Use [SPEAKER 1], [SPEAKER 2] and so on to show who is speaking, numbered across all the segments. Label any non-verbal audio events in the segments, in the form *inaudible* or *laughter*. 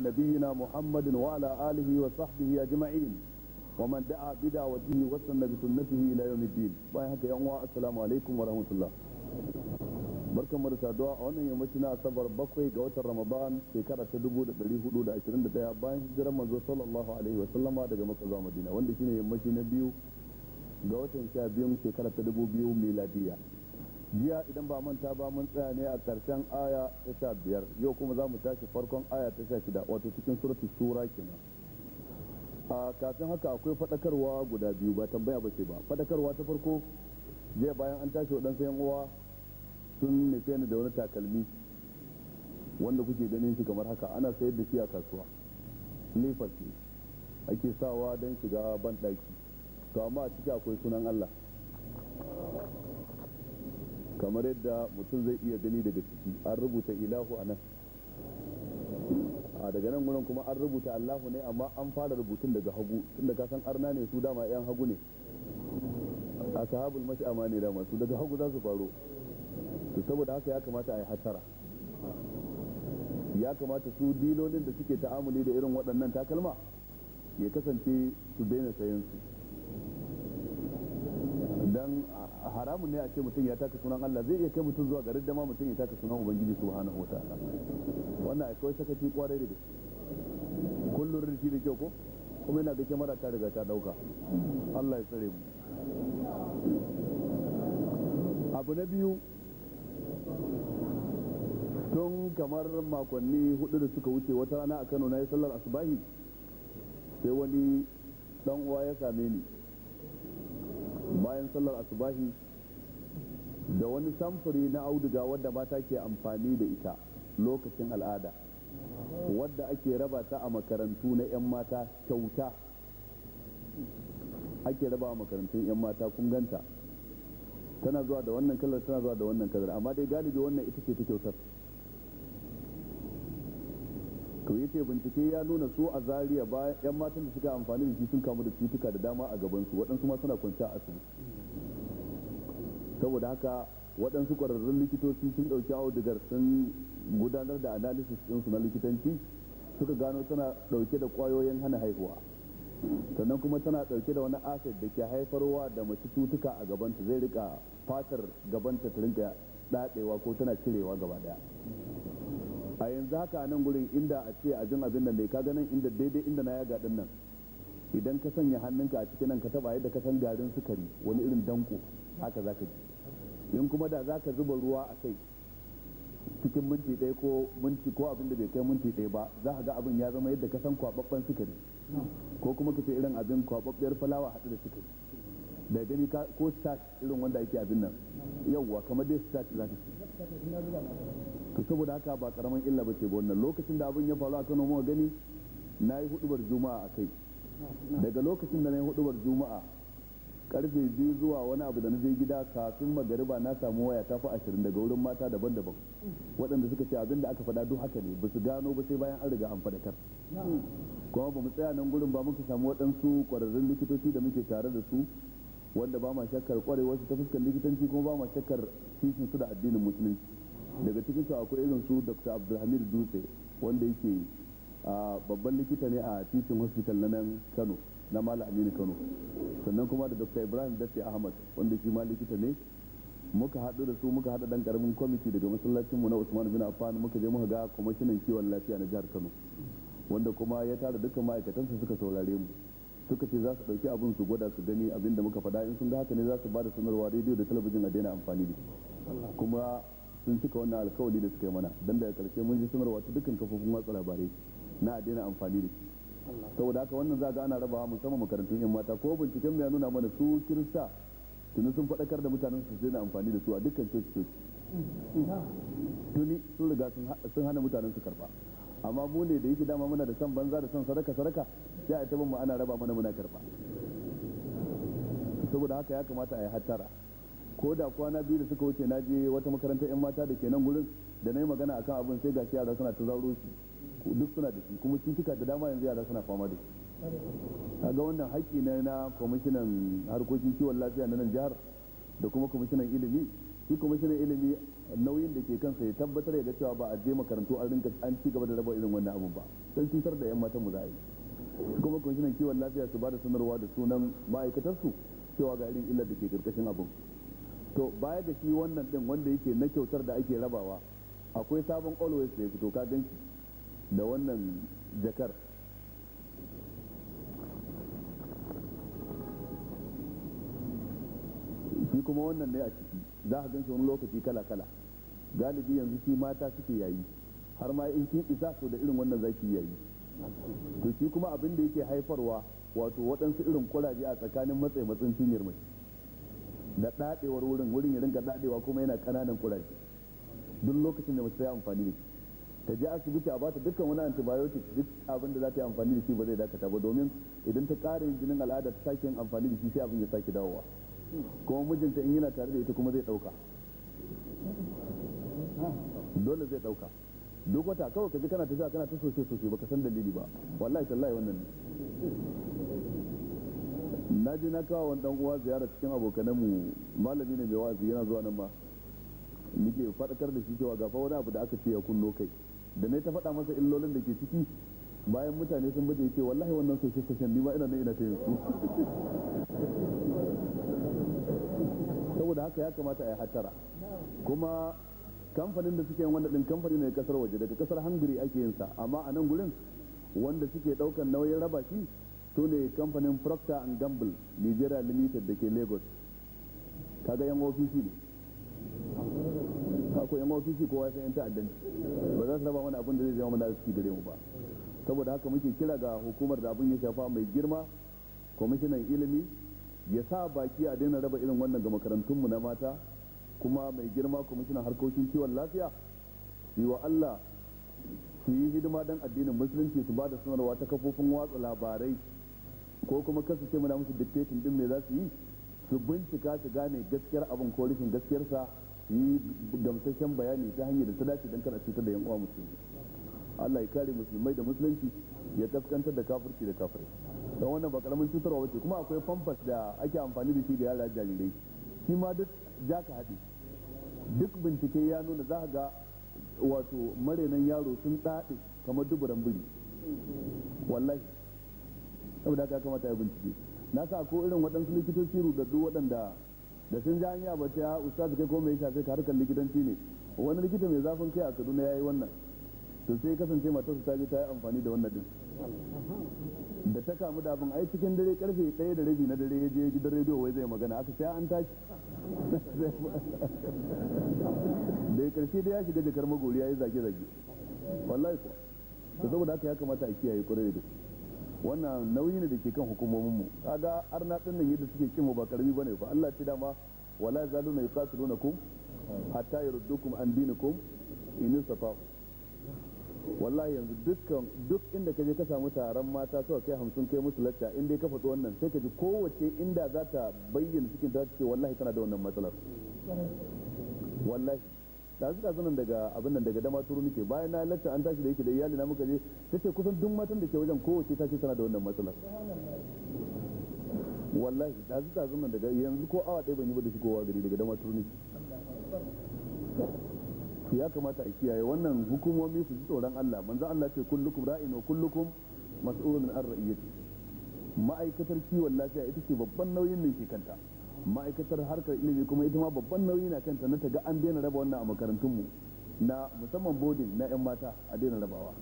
[SPEAKER 1] نبينا محمد وعلى آله وصحبه أجمعين ومن دعا بدعوته وسن بسنته إلى يوم الدين باي هكا يوم السلام عليكم ورحمة الله barkan mu da saduwa a wannan yammaci na asabar bakwai ga watan ramadan shekara ta dubu da dari hudu da ashirin da daya bayan hijirar manzo sallallahu alaihi wa sallama daga makka zuwa madina wanda shine yammaci na biyu ga watan sha biyun shekara ta dubu biyu miladiya jiya idan ba manta ba mun tsaya ne a karshen aya ta sha biyar yau kuma za mu tashi farkon aya ta sha shida wato cikin suratu shura kenan a kafin haka akwai fadakarwa guda biyu ba tambaya ba ce ba fadakarwa ta farko jiya bayan an tashi waɗansu yan uwa sun nufe ni da wani takalmi wanda kuke ganin shi kamar haka ana sayar da shi a kasuwa silifas ne ake sawa don shiga ban ɗaki to amma a ciki akwai sunan allah kamar yadda mutum zai iya gani daga ciki an rubuta ilahu a nan a daga nan wurin kuma an rubuta allahu ne amma an fara rubutun daga hagu tunda ka san arna ne su dama yan hagu ne a sahabul mash'ama ne dama su daga hagu za su faro to saboda haka ya kamata a yi hatara ya kamata su dilolin da suke ta'amuli da irin waɗannan takalma ya kasance su daina sayan su dan haramun ne a ce mutum ya taka sunan Allah zai iya kai mutum zuwa garin dama mutum ya taka sunan ubangiji subhanahu wa ta'ala wannan akwai sakaci kwarai da gaske kullun rishi da kyau ko kuma ina ga kyamara ta riga ta dauka Allah ya tsare mu abu na biyu tun kamar makonni hudu da suka wuce wata rana a Kano na yi sallar asubahi sai wani dan uwa ya same ni bayan sallar asubahi da wani samfuri na auduga wadda mata ke amfani da ita lokacin al'ada wadda ake raba ta a makarantu na 'yan mata kyauta ake raba a makarantun 'yan mata kun ganta tana zuwa da wannan kalar tana zuwa da wannan kalar amma dai galibi wannan ita ce ta kyautar to yace bincike ya nuna su a Zaria ba yan matan da suka amfani da shi sun kamu da cutuka da dama a gabansu waɗansu ma suna kwanciya a asibiti saboda haka waɗansu ƙwararrun likitoci sun ɗauki audigar sun gudanar da analysis ɗinsu na likitanci suka gano tana ɗauke da ƙwayoyin hana haihuwa sannan kuma tana ɗauke da wani acid da ke haifarwa da mace cutuka a gabanta zai rika fatar gabanta ta rinka ɗaɗewa ko tana cirewa gaba ɗaya a yanzu haka a nan gurin inda a ce a jin abin nan ne ka ganin inda daidai inda na yaga din nan idan ka sanya hannunka a cikin nan ka taba yadda ka san garin sukari wani irin danko haka zaka ji in kuma da zaka zuba ruwa a kai cikin minti ɗaya ko minti ko abin da bai kai minti ɗaya ba za ka ga abin ya zama yadda ka san kwababban sukari ko kuma ka ce irin abin kwababbiyar falawa haɗu da sukari da gani ko stat irin wanda ake abin nan yawwa kamar dai starch za ka to saboda haka ba karamin illa ba ce ba wannan lokacin da abin ya faru a kano muka gani na yi hudubar juma'a a kai daga lokacin da na yi hudubar juma'a karfe biyu zuwa wani abu da na je gida kafin magariba na samu waya ta fi ashirin daga wurin mata daban-daban waɗanda suka ce abin da aka faɗa duk haka ne ba su gano ba sai bayan an riga an faɗakar kuma ba mu tsaya nan gurin ba muka samu waɗansu ƙwararrun likitoci da muke tare da su wanda ba ma shakkar kwarewar ta fuskar likitanci kuma ba ma shakkar titin su da addinin musulunci daga cikin su akwai irin su dr abdulhamid dutse wanda yake babban likita ne a titin hospital na nan kano na mala aminu kano sannan kuma da dr ibrahim dafi ahmad wanda shi ma likita ne muka haɗu da su muka haɗa ɗan ƙaramin kwamiti daga masallacinmu na usman bin affan muka je muka ga kwamishinan kiwon lafiya na jihar kano wanda kuma ya tara dukkan ma'aikatansa suka saurare mu suka ce za su ɗauki abin su gwada su gani abin da muka faɗa in sun ga haka ne za su ba da sanarwa rediyo da talabijin a daina amfani da shi kuma sun cika wannan alkawari da suka yi mana dan daga karshe mun ji sanarwa ta dukkan kafofin watsa labarai na a daina amfani da shi saboda haka wannan za ga ana rabawa musamman makarantun yan mata ko binciken mu ya nuna mana su kirista tuni sun faɗakar da mutanen su daina amfani da su a dukkan coci
[SPEAKER 2] coci
[SPEAKER 1] tuni sun riga sun hana mutanen su karba amma mu ne da yake dama muna da san banza da son sadaka sadaka sai a ta mu ana raba mana muna karba saboda haka ya kamata a yi hattara ko da kwana biyu da suka wuce na je wata makarantar yan mata da ke nan gurin da na yi magana akan abin sai gashi yara suna ta zauro shi duk suna da shi kuma cutuka da dama yanzu yara suna fama da
[SPEAKER 2] shi
[SPEAKER 1] ga wannan haƙƙi na na kwamishinan harkokin kiwon lafiya na nan jihar da kuma kwamishinan ilimi shi kuma shi ne ilimi nauyin da ke kansa ya tabbatar ya ga cewa ba a je makarantu an rinka an ci gaba da raba irin wannan abun ba don cutar da yan matan mu za a yi kuma ne kiwon lafiya su ba da sanarwa da sunan ma'aikatar su cewa ga irin illar da ke karkashin abun to baya da shi wannan din wanda yake na kyautar da ake rabawa akwai sabon always da ya fito ka ganki da wannan jakar kuma wannan ne a ciki za ka ganshi wani lokaci kala kala galibi yanzu shi mata suke yayi har ma in kin isa to da irin wannan zaki yayi to shi kuma abin da yake haifarwa wato waɗansu irin kuraje a tsakanin matsayi matsin cinyar mace da daɗewar wurin wurin ya rinka daɗewa kuma yana ƙananan kuraje duk lokacin da mace ta amfani da shi ta je asibiti a bata dukkan wani antibiotic duk abin da za ta yi amfani da shi ba zai dakata ba domin idan ta ƙara yin jinin al'ada ta sake yin amfani da shi sai abin ya sake dawowa kuma mijinta in yana tare da ita kuma zai dauka dole zai dauka duk wata kawai ka ji kana tafiya kana ta sosai sosai baka san dalili ba wallahi tallahi wannan na je na kawo wani dan uwa ziyara cikin abokanan mu malami ne mai wazi yana zuwa nan ba nike faɗakar da shi cewa gafa wani abu da aka ce ya kullo kai da na ta faɗa masa illolin da ke ciki bayan mutane sun baje ce wallahi wannan sosai sosai ni ma ina nan ina ta yanzu. saboda haka ya kamata a yi hatara kuma kamfanin da suke yin wanda din kamfani ne kasar waje daga kasar hungary ake yin sa amma a nan gurin wanda suke daukan nauyin raba shi su ne kamfanin procter and gamble nigeria limited da ke lagos kaga yan ofishi ne ko yan ofisi ko wasan yan ta'addan ba za su raba wani abin da zai zama mana arziki gare mu ba saboda haka muke kira ga hukumar da abin ya shafa mai girma kwamishinan ilimi ya sa baki a daina raba irin wannan ga makarantunmu na mata kuma mai girma kwamishinan harkokin kiwon lafiya su wa Allah su yi hidima don addinin musulunci su ba da sanarwa ta kafofin watsa labarai ko kuma kasu ce muna musu dictating din me za su yi su bincika su gane gaskiyar abin ko rikin gaskiyarsa su yi gamsashen bayani ta hanyar da ta dace don kada cutar da yan uwa musulmi Allah ya kare musulmai da musulunci ya tafkantar da kafirci da kafirci don wannan ba karamin cutarwa wace kuma akwai famfas da ake amfani da shi ga yara jarirai shi ma duk ja ka haɗe duk bincike ya nuna za ga wato marenan yaro sun ɗaɗe kamar duburan biri wallahi saboda haka kamata ya bincike na sa ko irin waɗansu likitoci rudaddu waɗanda da sun ji hanya ba ta ah, ustaz kai ko mai shafe ka harkar likitanci ne wani likita mai zafin kai a kaduna ya yi wannan to sai kasance matarsa ta je ta yi amfani da wannan din
[SPEAKER 2] da
[SPEAKER 1] ta kamu da abin ai cikin dare karfe ɗaya da rabi na dare ya je gidan rediyo wai zai magana aka sai an tashi da karshe da ya shiga jakar magori ya yi zage-zage wallahi kuwa to saboda haka ya kamata a kiyaye kwarai da wannan nauyi ne da ke kan hukumominmu kaga arna din nan yadda suke kinmu ba karbi bane ba Allah ce dama wala zaluna yuqatilunakum hatta yurdukum an dinikum in istafa'u wallahi yanzu dukkan duk inda ka je ka samu taron mata suka kai hamsin kai musu lacca inda ka faɗi wannan sai ka ji kowace inda za ta bayyana cikin ta ce wallahi tana da wannan matsalar wallahi da su zanen daga abin nan daga dama turu muke bayan na lacca an tashi da yake da iyali na muka je ta ce kusan duk matan da ke wajen kowace ta ce tana da wannan matsalar wallahi da su zanen daga yanzu ko awa ɗaya ban yi ba da shigowa gari daga dama turu muke ya kamata a kiyaye wannan hukumomi su ji tsoron Allah manzo Allah ce kullukum ra'in wa kullukum mas'ulun ar ra'iyati ma'aikatar kiwon lafiya ita ce babban nauyin ne ke kanta ma'aikatar harkar ilimi kuma ita ma babban nauyi na kanta na ta ga an daina raba wannan a mu na musamman bodin na 'yan mata a daina rabawa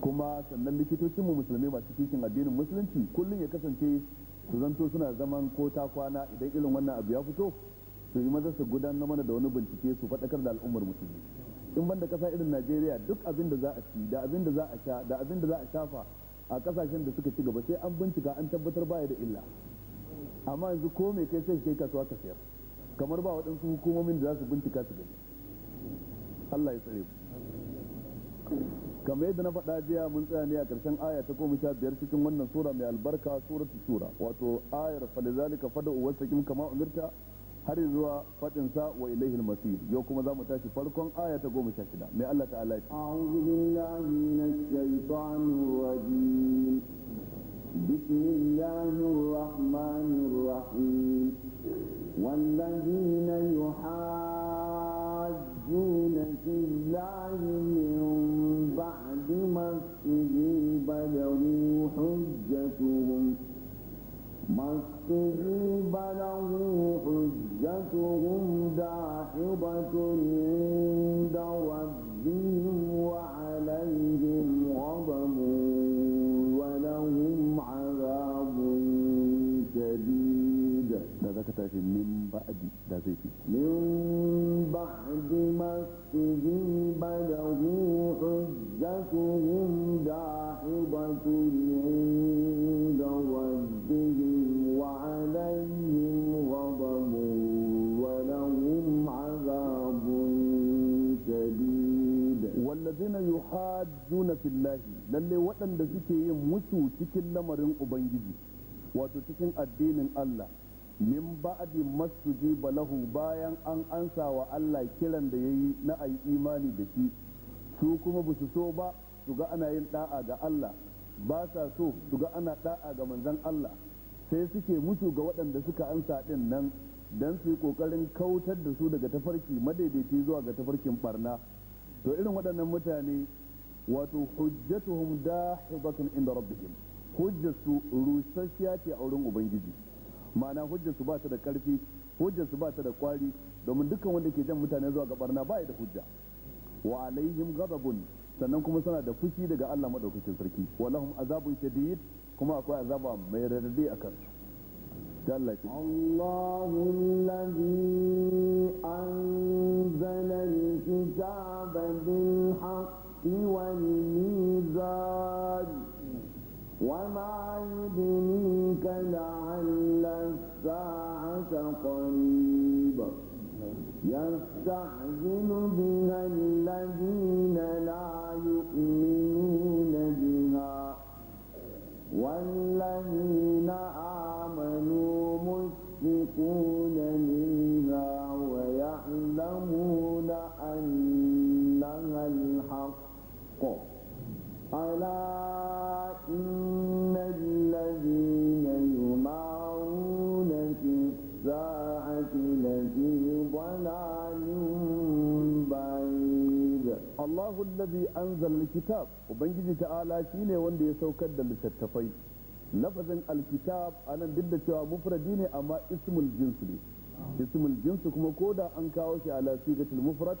[SPEAKER 1] kuma sannan likitocinmu musulmi masu cikin addinin musulunci kullum ya kasance su zanto suna zaman ko ta kwana idan irin wannan abu ya fito su yi maza su gudanar mana da wani bincike su faɗakar da al'ummar musulmi in banda kasa irin najeriya duk abin da za a ci da abin da za a sha da abin da za a shafa a kasashen da suka ci gaba sai an bincika an tabbatar baya da illa amma yanzu ko mai kai sai kai kasuwa ka sayar kamar ba waɗansu hukumomin da za su bincika su gani allah ya tsare kamar yadda na faɗa jiya mun tsaya ne a ƙarshen aya ta goma sha biyar cikin wannan sura mai albarka suratu sura wato ayar falizalika fada'u wasakim kama umirta har zuwa fadin sa wa ilaihi al-masir yau kuma zamu tashi farkon aya ta 16 mai Allah ta'ala ce a'udhu billahi minash
[SPEAKER 3] shaitanir rajim bismillahir rahmanir rahim wallazina يحاجون في الله من بعد ما استجيب له حجتهم ما استجيب له حجتهم حجتهم داحضة عند ربهم وعليهم غضب ولهم عذاب شديد
[SPEAKER 1] من بعد
[SPEAKER 3] من بعد ما استجيب له حجتهم داحضة عند
[SPEAKER 1] yuhajjuna fillahi lalle waɗanda suke yin musu cikin lamarin ubangiji wato cikin addinin Allah min ba'di masjidi balahu bayan an ansa wa Allah kiran da yayi na ayi imani da shi su kuma ba su so ba su ga ana yin da'a ga Allah ba sa so su ga ana da'a ga manzon Allah sai suke musu ga waɗanda suka ansa din nan dan su yi kokarin kautar da su daga tafarki madaidaici zuwa ga tafarkin barna to irin waɗannan mutane wato hujjatuhum dahibatun inda rabbihim hujjarsu rusasshiya ce a wurin ubangiji ma'ana hujjarsu ba ta da karfi hujjarsu ba ta da kwari domin dukkan wanda ke jan mutane zuwa ga barna ba da hujja wa alaihim ghadabun sannan kuma suna da fushi daga Allah madaukakin sarki walahum azabun shadid kuma akwai azaba mai radadi a kansu جلت الله الذي أنزل
[SPEAKER 3] الكتاب بالحق والميزان وما يدنيك لعل الساعة قريبة يستعجل بها الذين لا
[SPEAKER 1] alkitab ubangiji ta'ala shine wanda ya saukar da littattafai lafazin alkitab anan duk da cewa mufradi ne amma ismul jins ne ismul jins kuma da an kawo shi ala sigatul mufrad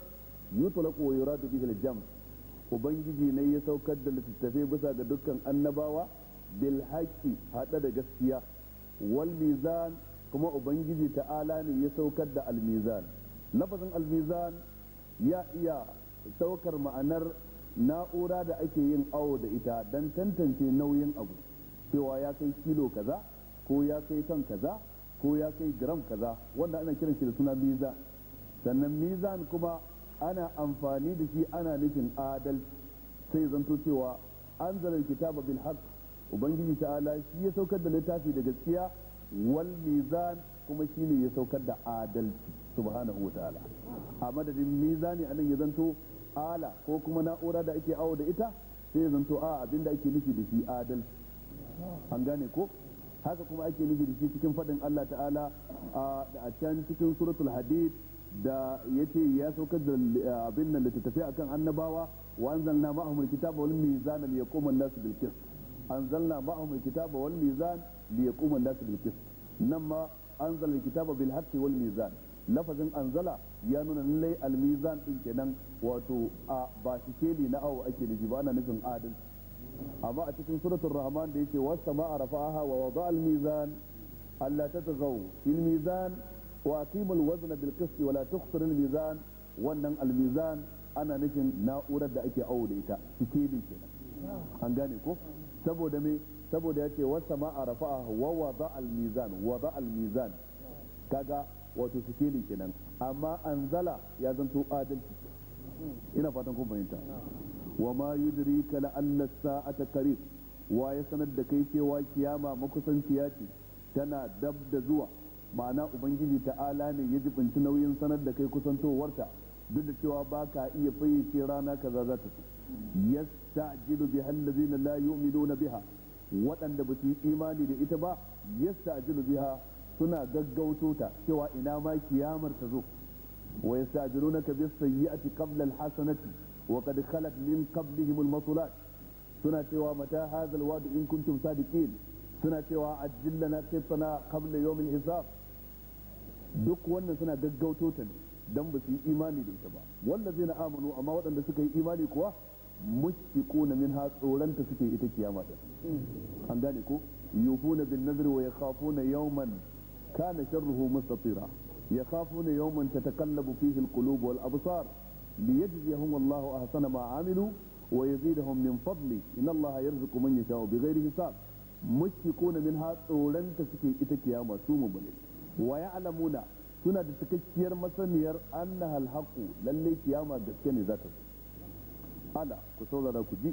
[SPEAKER 1] yutlaqu wa yuradu bihi al-jam ubangiji ne ya saukar da littattafai bisa ga dukkan annabawa bil haqqi hada da gaskiya wal kuma ubangiji ta'ala ne ya saukar da al mizan lafazin al ya iya saukar ma'anar na'ura da ake yin awo da ita don tantance nauyin abu cewa ya kai kilo kaza ko ya kai ton kaza ko ya kai gram kaza wanda ana kiran shi da suna miza. sannan mizan kuma ana amfani da shi ana nufin adal sai zanto cewa an zarar kitaba bil ubangiji ta'ala shi ya saukar da littafi da gaskiya wal mizan kuma shi ne ya saukar da adalci subhanahu wa ta'ala a madadin mizani anan ya zanto ala ko kuma na'ura da ake awo da ita sai zan to a abin da ake nufi da shi adalci an gane ko haka kuma ake nufi da shi cikin faɗin Allah ta'ala a can cikin suratul hadid da yace ya saukar da eh, abin nan tafi akan annabawa wa anzalna ma'ahum alkitaba wal mizan li yaquma an-nas bil qist anzalna ma'ahum alkitaba wal mizan li yaquma an-nas bil qist nan ma anzala alkitaba bil haqqi wal mizan lafazin anzala ya nuna lallai almizan din kenan wato a ba shikeli na awo ake nufi ba ana nufin adal amma a cikin suratul rahman da yake wasta ma'a rafa'aha wa wada almizan alla ta fil mizan wa aqimul wazna bil qist wa la tukhsirul mizan wannan almizan ana nufin na'urar da ake awo da ita shikeli kenan an gane ko saboda me saboda yace wasta a rafa'aha wa wada almizan wada almizan kaga wato sikeli kenan amma anzala ya zanto adalci ina fatan kun fahimta wa ma yudrika la anna sa'ata qarib wa ya sanar da kai cewa kiyama makusanciya ce tana dab da zuwa ma'ana ubangiji ta'ala ne ya jibinci nauyin sanar da kai kusantowarta duk da cewa ba ka iya fayyace rana kaza za ta yasta'jilu biha allazina la yu'minuna biha waɗanda ba su yi imani da ita ba yasta'jilu biha suna gaggauto ta cewa ina ma kiyamar ta zo wa yastajirunaka bis sayyi'ati qabla al hasanati wa qad khalat min qablihim al masulat suna cewa mata hadha al in kuntum sadiqin suna cewa ajil lana qitana qabla yawm al hisab duk wannan suna gaggauto ta ne dan ba su yi imani da ita ba wallazina amanu amma waɗanda suka yi imani kuwa mushfiquna minha tsoranta suke ita kiyama din an gane ko yufuna bin nazri wa yakhafuna yawman kana sharruhu mustatira yakhafuna yawman tatakallabu fihi alqulub wal absar liyajziyahum Allahu ahsana ma amilu wa yazidahum min fadli inna Allaha yarzuqu man yasha'u bighairi hisab mushrikuna minha tsoranta suke ita kiyama su mu bane wa ya'lamuna suna da cikakkiyar masaniyar annaha alhaqu lalle kiyama gaske ne zata ala ku saurara ku ji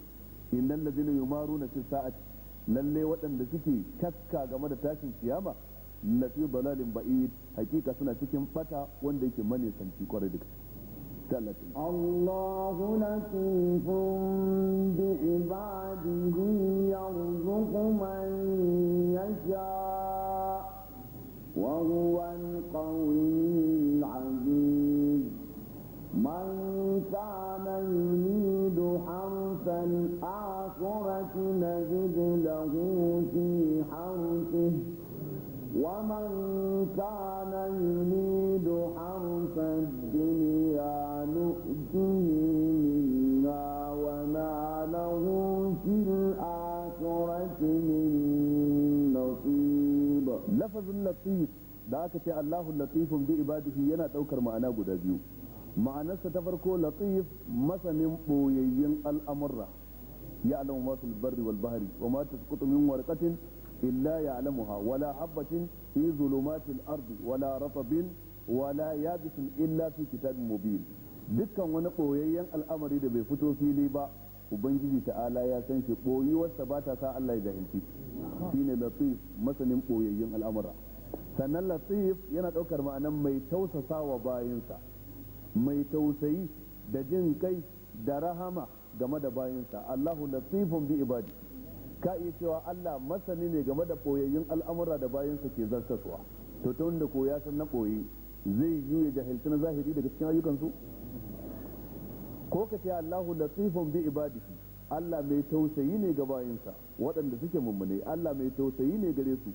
[SPEAKER 1] innal ladina yumaruna fi sa'ati lalle waɗanda suke shakka game da tashin kiyama na fi dalalin ba'id hakika suna cikin bata wanda yake manisanci kwarai da gaske Allahu latifun bi
[SPEAKER 3] ibadihi yarzuqu man yasha wa huwa al-qawiyyu al-aziz man kana yuridu harfan akhirati nazid lahu fi harfihi ومن كان يريد حرف الدنيا نؤتيه منا وما له في
[SPEAKER 1] الآخرة من نصيب لفظ اللطيف ذاك الله اللطيف بعباده ينا توكر معنا مع معنا ستفركو لطيف مثلا بويين الأمر يعلم ما في البر والبحر وما تسقط من ورقة illa ya'lamuha wala habatin fi zulumatil ardi wala ratabin wala yabisin illa fi dukkan wani ɓoyayyen al'amari da bai fito fili ba ubangiji ta'ala ya san shi ɓoyuwarsa ba ta sa Allah ya jahilci shine latif masanin ɓoyayyen al'amura sannan latif yana ɗaukar ma'anan mai tausasawa bayansa mai tausayi da jin kai da rahama game da bayansa Allahu latifun bi ibadi ka iya cewa Allah masani ne game da boyayyun al'amura da bayansa ke zartaswa to ta wanda koya san na koyi zai yi ya jahilci na zahiri daga cikin ayyukansu ko ka ce Allahu latifun bi ibadihi Allah mai tausayi ne ga bayansa waɗanda suke mummune Allah mai tausayi ne gare su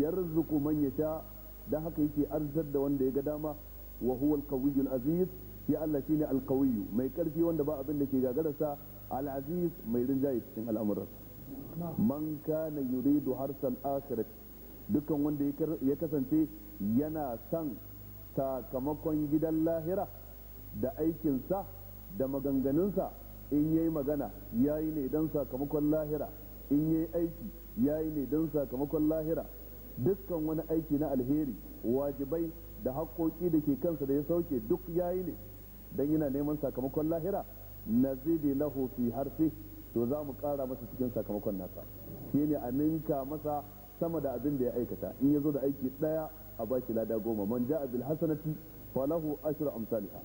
[SPEAKER 1] yarzuku man yasha dan haka yake arzar da wanda ya ga dama wa huwa al aziz ya Allah shi ne al mai karfi wanda ba abin da ke gagararsa al-aziz mai rinjaye cikin al'amuransa man kana yuridu harsal akhirat dukan wanda ya kasance yana san sakamakon gidan lahira da aikinsa da maganganunsa in yayi magana yayi ne don sakamakon lahira in yayi aiki yayi ne don sakamakon lahira dukkan wani aiki na alheri wajibai da haƙoƙi da ke kansa da ya sauke duk yayi ne don yana neman sakamakon lahira nazidi lahu fi harfi to za mu kara masa cikin sakamakon nasa shi ne a ninka masa sama da abin da ya aikata in ya zo da aiki daya a baki lada goma man ja bil hasanati falahu ashru amsalha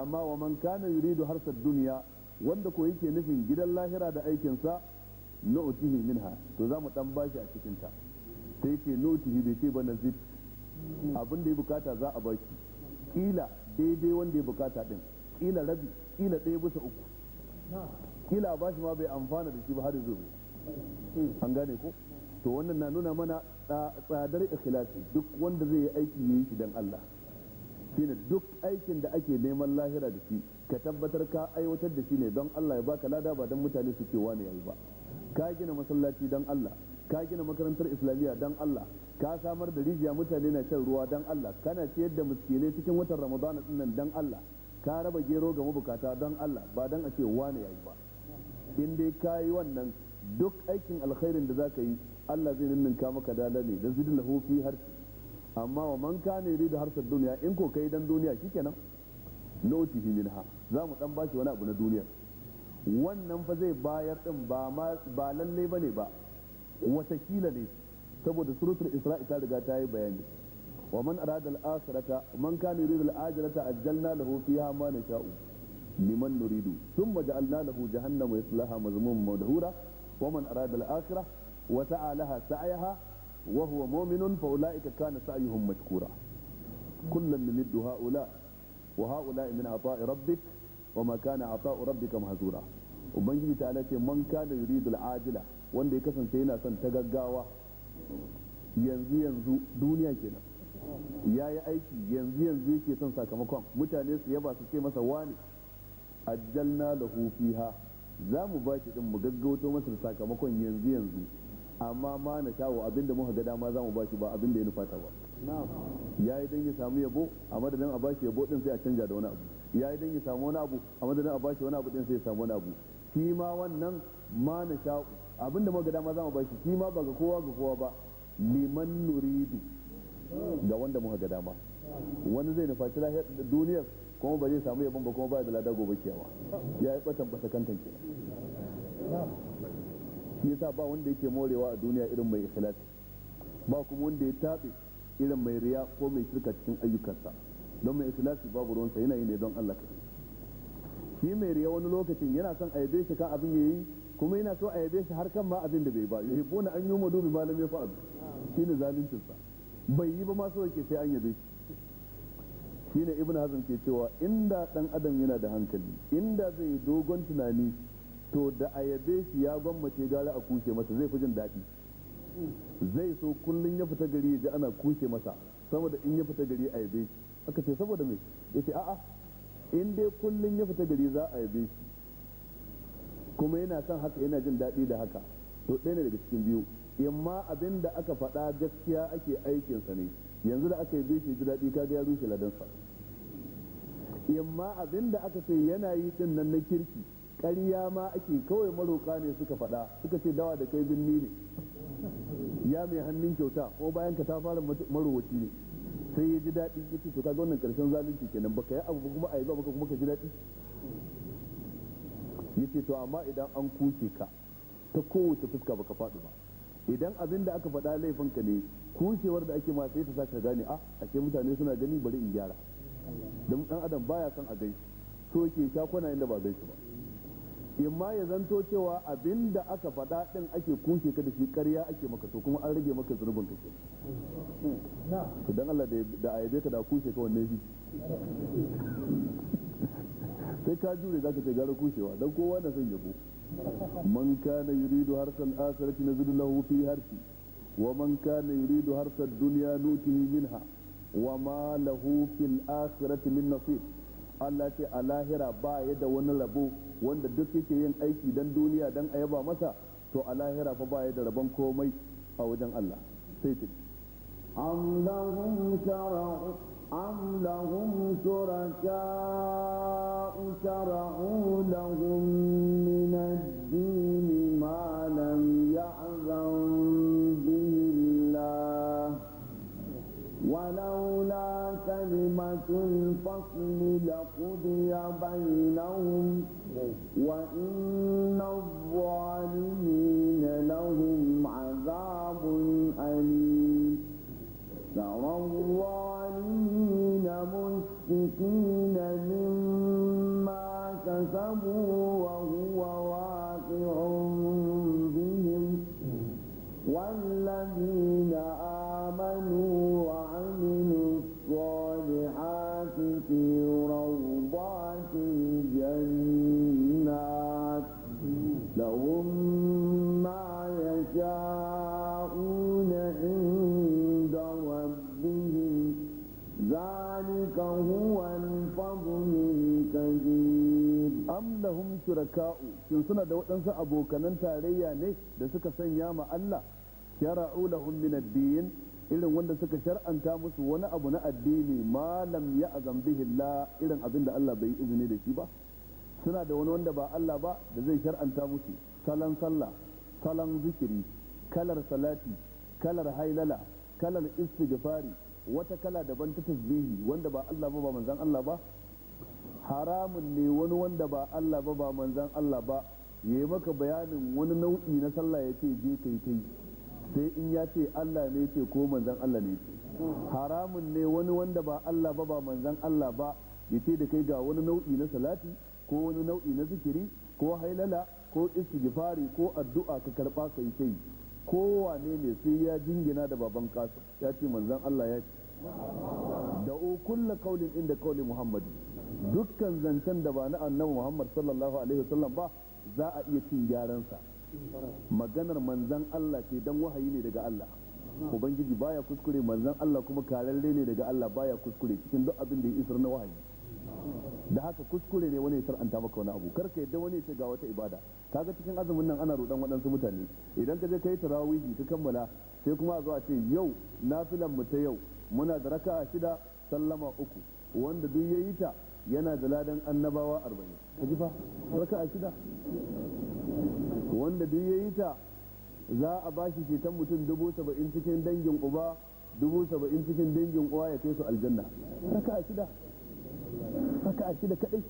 [SPEAKER 1] amma wa man kana yuridu harsar duniya wanda ko yake nufin gidan lahira da aikinsa nu'tihi minha to za mu dan bashi a cikin ta sai yake nu'tihi bai ce ba nazid abin da ya bukata za a baki kila daidai wanda ya bukata din kila rabi kila ɗaya bisa uku kila ba shi ma bai amfana da shi ba har yanzu an gane ko to wannan na nuna mana tsadar ikhlasi duk wanda zai yi aiki yayi shi dan Allah shine duk aikin da ake neman lahira da shi ka tabbatar ka aiwatar da shi ne don Allah ya baka lada ba don mutane su ce wani yayi ba ka gina masallaci dan Allah ka gina makarantar islamiyya dan Allah ka samar da rijiya mutane na shan ruwa dan Allah kana ciyar da miskinai cikin watan ramadana din dan Allah ka raba gero ga mabukata dan Allah ba dan a ce wani yayi ba in dai ka yi wannan duk aikin alkhairin da za ka yi Allah zai ninka maka dala ne da zidin lahufi fi amma wa man ka ne da harsar duniya in ko kai dan duniya shikenan nautihi ha za mu dan bashi wani abu na duniya wannan fa zai bayar din ba lallai ba lalle ba watakila ne saboda suratul isra'i ta riga ta yi bayani wa man arada al-akhirata man kana yuridu al-ajrata ajjalna lahu fiha ma nasha'u liman nuridu thumma ja'alna lahu jahannama yaslaha mazmuman madhura wa man arada al-akhirah wa sa'a laha sa'yaha wa mu'minun fa ulaika kana sa'yuhum mashkura kullan nuddu ha'ula wa ha'ula min ata'i rabbik wa ma kana ata'u rabbika mahzura ubangiji ta ce man kana yuridu al-ajila wanda ya kasance yana son ta gaggawa yanzu yanzu duniya kenan ya yi aiki yanzu yanzu yake son sakamakon mutane su yaba su ce masa wane ajjalna lahu fiha za mu ba shi din mu gaggauto masa sakamakon yanzu yanzu amma ma na shawo abinda muka ga dama za mu ba shi ba abinda ya nufata ba ya yi don ya samu yabo a madadin a bashi yabo din sai a canja da wani abu ya yi don ya samu wani abu a madadin a bashi wani abu din sai ya samu wani abu shi ma wannan ma na sha'u abinda muka ga dama za mu ba shi shi ma ba ga kowa ga kowa ba liman nuridu ga wanda muka ga dama wani zai nufaci duniyar kuma ba zai samu yabon ba kuma ba da lada gobe kiyawa ya yi batan bata kantan shi yasa ba wanda yake morewa a duniya irin mai ikhlas ba kuma wanda ya tabe irin mai riya ko mai shirka cikin ayyukansa don mai ikhlasi babu ruwansa yana yi ne don Allah kai shi mai riya wani lokacin yana son a yabe shi kan abin yayi kuma yana so a yabe shi har kan ma abin da bai ba yuhibbuna an yi yu'madu ya lam shi ne zalincin sa bai yi ba ma so yake sai an yabe shi shine ibn hazm ke cewa inda dan adam yana da hankali inda zai yi dogon tunani to da a yabe shi ya gwammace gara a kushe masa zai fi jin daɗi zai so kullum ya fita gari ya ji ana kushe masa sama da in ya fita gari a yabe shi aka ce saboda me ce a'a in dai kullum ya fita gari za a yabe shi kuma yana son haka yana jin daɗi da haka to ɗaya ne daga cikin biyu imma abin da aka faɗa gaskiya ake aikinsa ne yanzu da aka yi bai ji daɗi kaga ya rushe ladansa imma abin da aka ce yana yi din nan na kirki ƙarya ma ake kawai maroka ne suka faɗa suka ce dawa da kai binni ne ya mai hannun kyauta ko bayan ka ta fara marowaci ne sai ya ji daɗi ya ce to kaga wannan ƙarshen zalunci kenan baka yi abu kuma a yi ba kuma ka ji daɗi ya ce to amma idan an kuce ka ta kowace fuska baka faɗi ba idan abin da aka faɗa laifin ka ne kushewar da ake ma sai ta saka gane a ah, ake mutane suna gani bari in gyara don dan adam baya son a gai so ke sha kwana inda ba gaishe ba imma ya zanto cewa abin da aka faɗa din ake kushe ka da shi ƙarya ake maka to kuma an rage maka zunubin ka ke to dan Allah da ayyabe ka da kushe ka wannan shi sai ka jure zaka ce gara kushewa dan kowa na son yabo man kana yuridu harsal akhirati nazid lahu fi harsi wa man kana yuridu harsad dunya nutihi minha wa ma lahu fil akhirati min nasib Allah ce a lahira ba ya da wani rabo wanda duk yake yin aiki dan duniya dan a yaba masa to a lahira fa ba ya da rabon komai a wajen Allah sai ce
[SPEAKER 3] am lahum shara'u أم لهم شركاء شرعوا لهم من الدين ما لم يأذن به الله ولولا كلمة الفصل لقضي بينهم وإن الظالمين لهم عذاب أليم المتقين
[SPEAKER 1] shuraka'u shin suna da waɗansu abokanan tarayya ne da suka sanya ma Allah shara'u lahum min ad-din irin wanda suka shar'anta musu wani abu na addini ma lam ya'zam bihi Allah irin abin da Allah bai izini da shi ba suna da wani wanda ba Allah ba da zai shar'anta musu salan sallah salan zikiri kalar salati kalar hailala kalar istighfari wata kala daban ta tasbihi wanda ba Allah ba ba manzon Allah ba haramun ne wani wanda ba Allah ba ba manzan Allah ba ya yi maka bayanin wani nau'i na sallah ya ce je kai kai sai in ya ce Allah ne ce ko manzan Allah ne ce haramun ne wani wanda ba Allah ba ba manzan Allah ba ya ce da kai ga wani nau'i na salati ko wani nau'i na zikiri ko hailala ko istighfari ko addu'a ka karba kai kai kowane ne sai ya jingina da baban kasu ya ce manzan Allah ya ce da'u kulla kaulin inda kauli muhammadu dukkan zancen da ba na annabi Muhammad sallallahu alaihi wasallam ba za a iya cin gyaran sa maganar manzan Allah ce dan wahayi ne daga Allah ubangiji baya kuskure manzon Allah kuma kararre ne daga Allah baya kuskure cikin duk abin da ya isar na wahayi da haka kuskure ne wani ya sar'anta maka wani abu karka yadda wani ya ce ga wata ibada kaga cikin azumin nan ana rudan waɗansu mutane idan ka je ka yi tarawihi ka kammala sai kuma a zo a ce yau nafilan mu ta yau muna da raka'a shida sallama uku wanda duk yayi ta yana da ladan annabawa arba'in ka ji fa raka a shida wanda duk ya yi ta za a ba shi ceton mutum dubu saba'in cikin dangin uba dubu saba'in cikin dangin uwa ya kai su aljanna raka a shida raka a shida kadai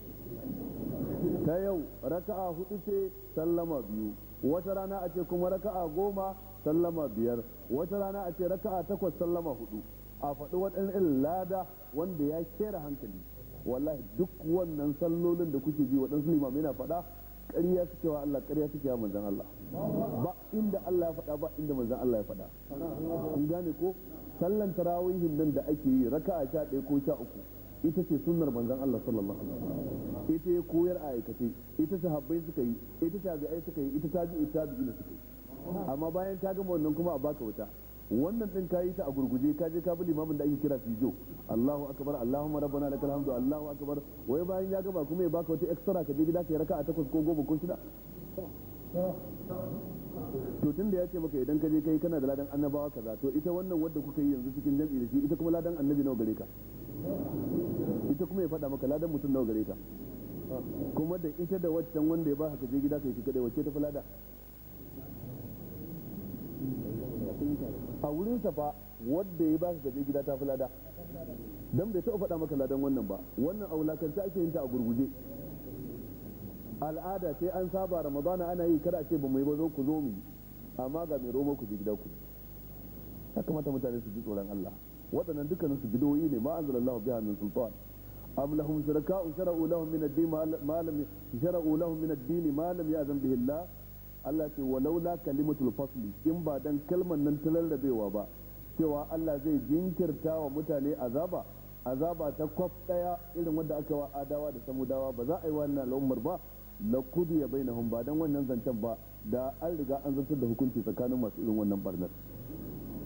[SPEAKER 1] ta yau raka'a hudu ce sallama biyu wata rana a ce kuma raka'a goma sallama biyar wata rana a ce raka'a takwas sallama hudu a faɗi waɗannan lada wanda ya kera hankali wallahi duk wannan sallolin da kuke ji waɗansu limamai na faɗa ƙarya suke wa Allah ƙarya suke wa manzan Allah ba inda Allah ya faɗa ba inda manzan Allah ya faɗa kun gane ko sallan tarawihin nan da ake yi raka'a sha ɗaya ko sha uku ita ce sunnar manzan Allah sallallahu alaihi wasallam ita ya koyar a aikace ita sahabbai suka yi ita tabi'ai suka yi ita tabi'u tabi'ina suka yi amma bayan ka gama wannan kuma a baka wuta wannan din kayi ta a gurguje ka je ka bi limamin da ake kira fijo Allahu akbar Allahumma rabbana lakal hamdu Allahu akbar wai bayan ya gaba kuma ya baka wata extra ka je gida ka yi raka'a takwas ko goma ko shida to tun da ya ce maka idan ka je kai kana da ladan annabawa kaza to ita wannan wadda kuka yi yanzu cikin jam'i da shi ita kuma ladan annabi nawa gare ka ita kuma ya faɗa maka ladan mutum nawa gare ka kuma da ita da waccan wanda ya ba ka je gida kai ka kada wacce ta fi lada a wurinsa fa wadda ya ba su tafi gida ta fi lada don bai taɓa faɗa maka ladan wannan ba wannan a wulakanta ake yin ta a gurguje al'ada sai an saba ramadana ana yi kada ce ba mu yi ba zo ku zo mu amma ga mai romo ku je gida ku ya kamata mutane su ji tsoron Allah waɗannan dukkanin su gidoyi ne ma anzalallahu biha min sultan am lahum shuraka'u shara'u lahum min ad-din ma lam shara'u lahum min ad-din ma lam bihi Allah Allah ce walaula kalimatul fasli in ba dan kalman nan ta lallabewa ba cewa Allah zai jinkirta wa mutane azaba azaba ta kwaf daya irin wanda aka wa adawa da samudawa ba za a yi wannan al'ummar ba la kudiya bainahum ba dan wannan zancen ba da an riga an zartar da hukunci tsakanin masu irin wannan barnar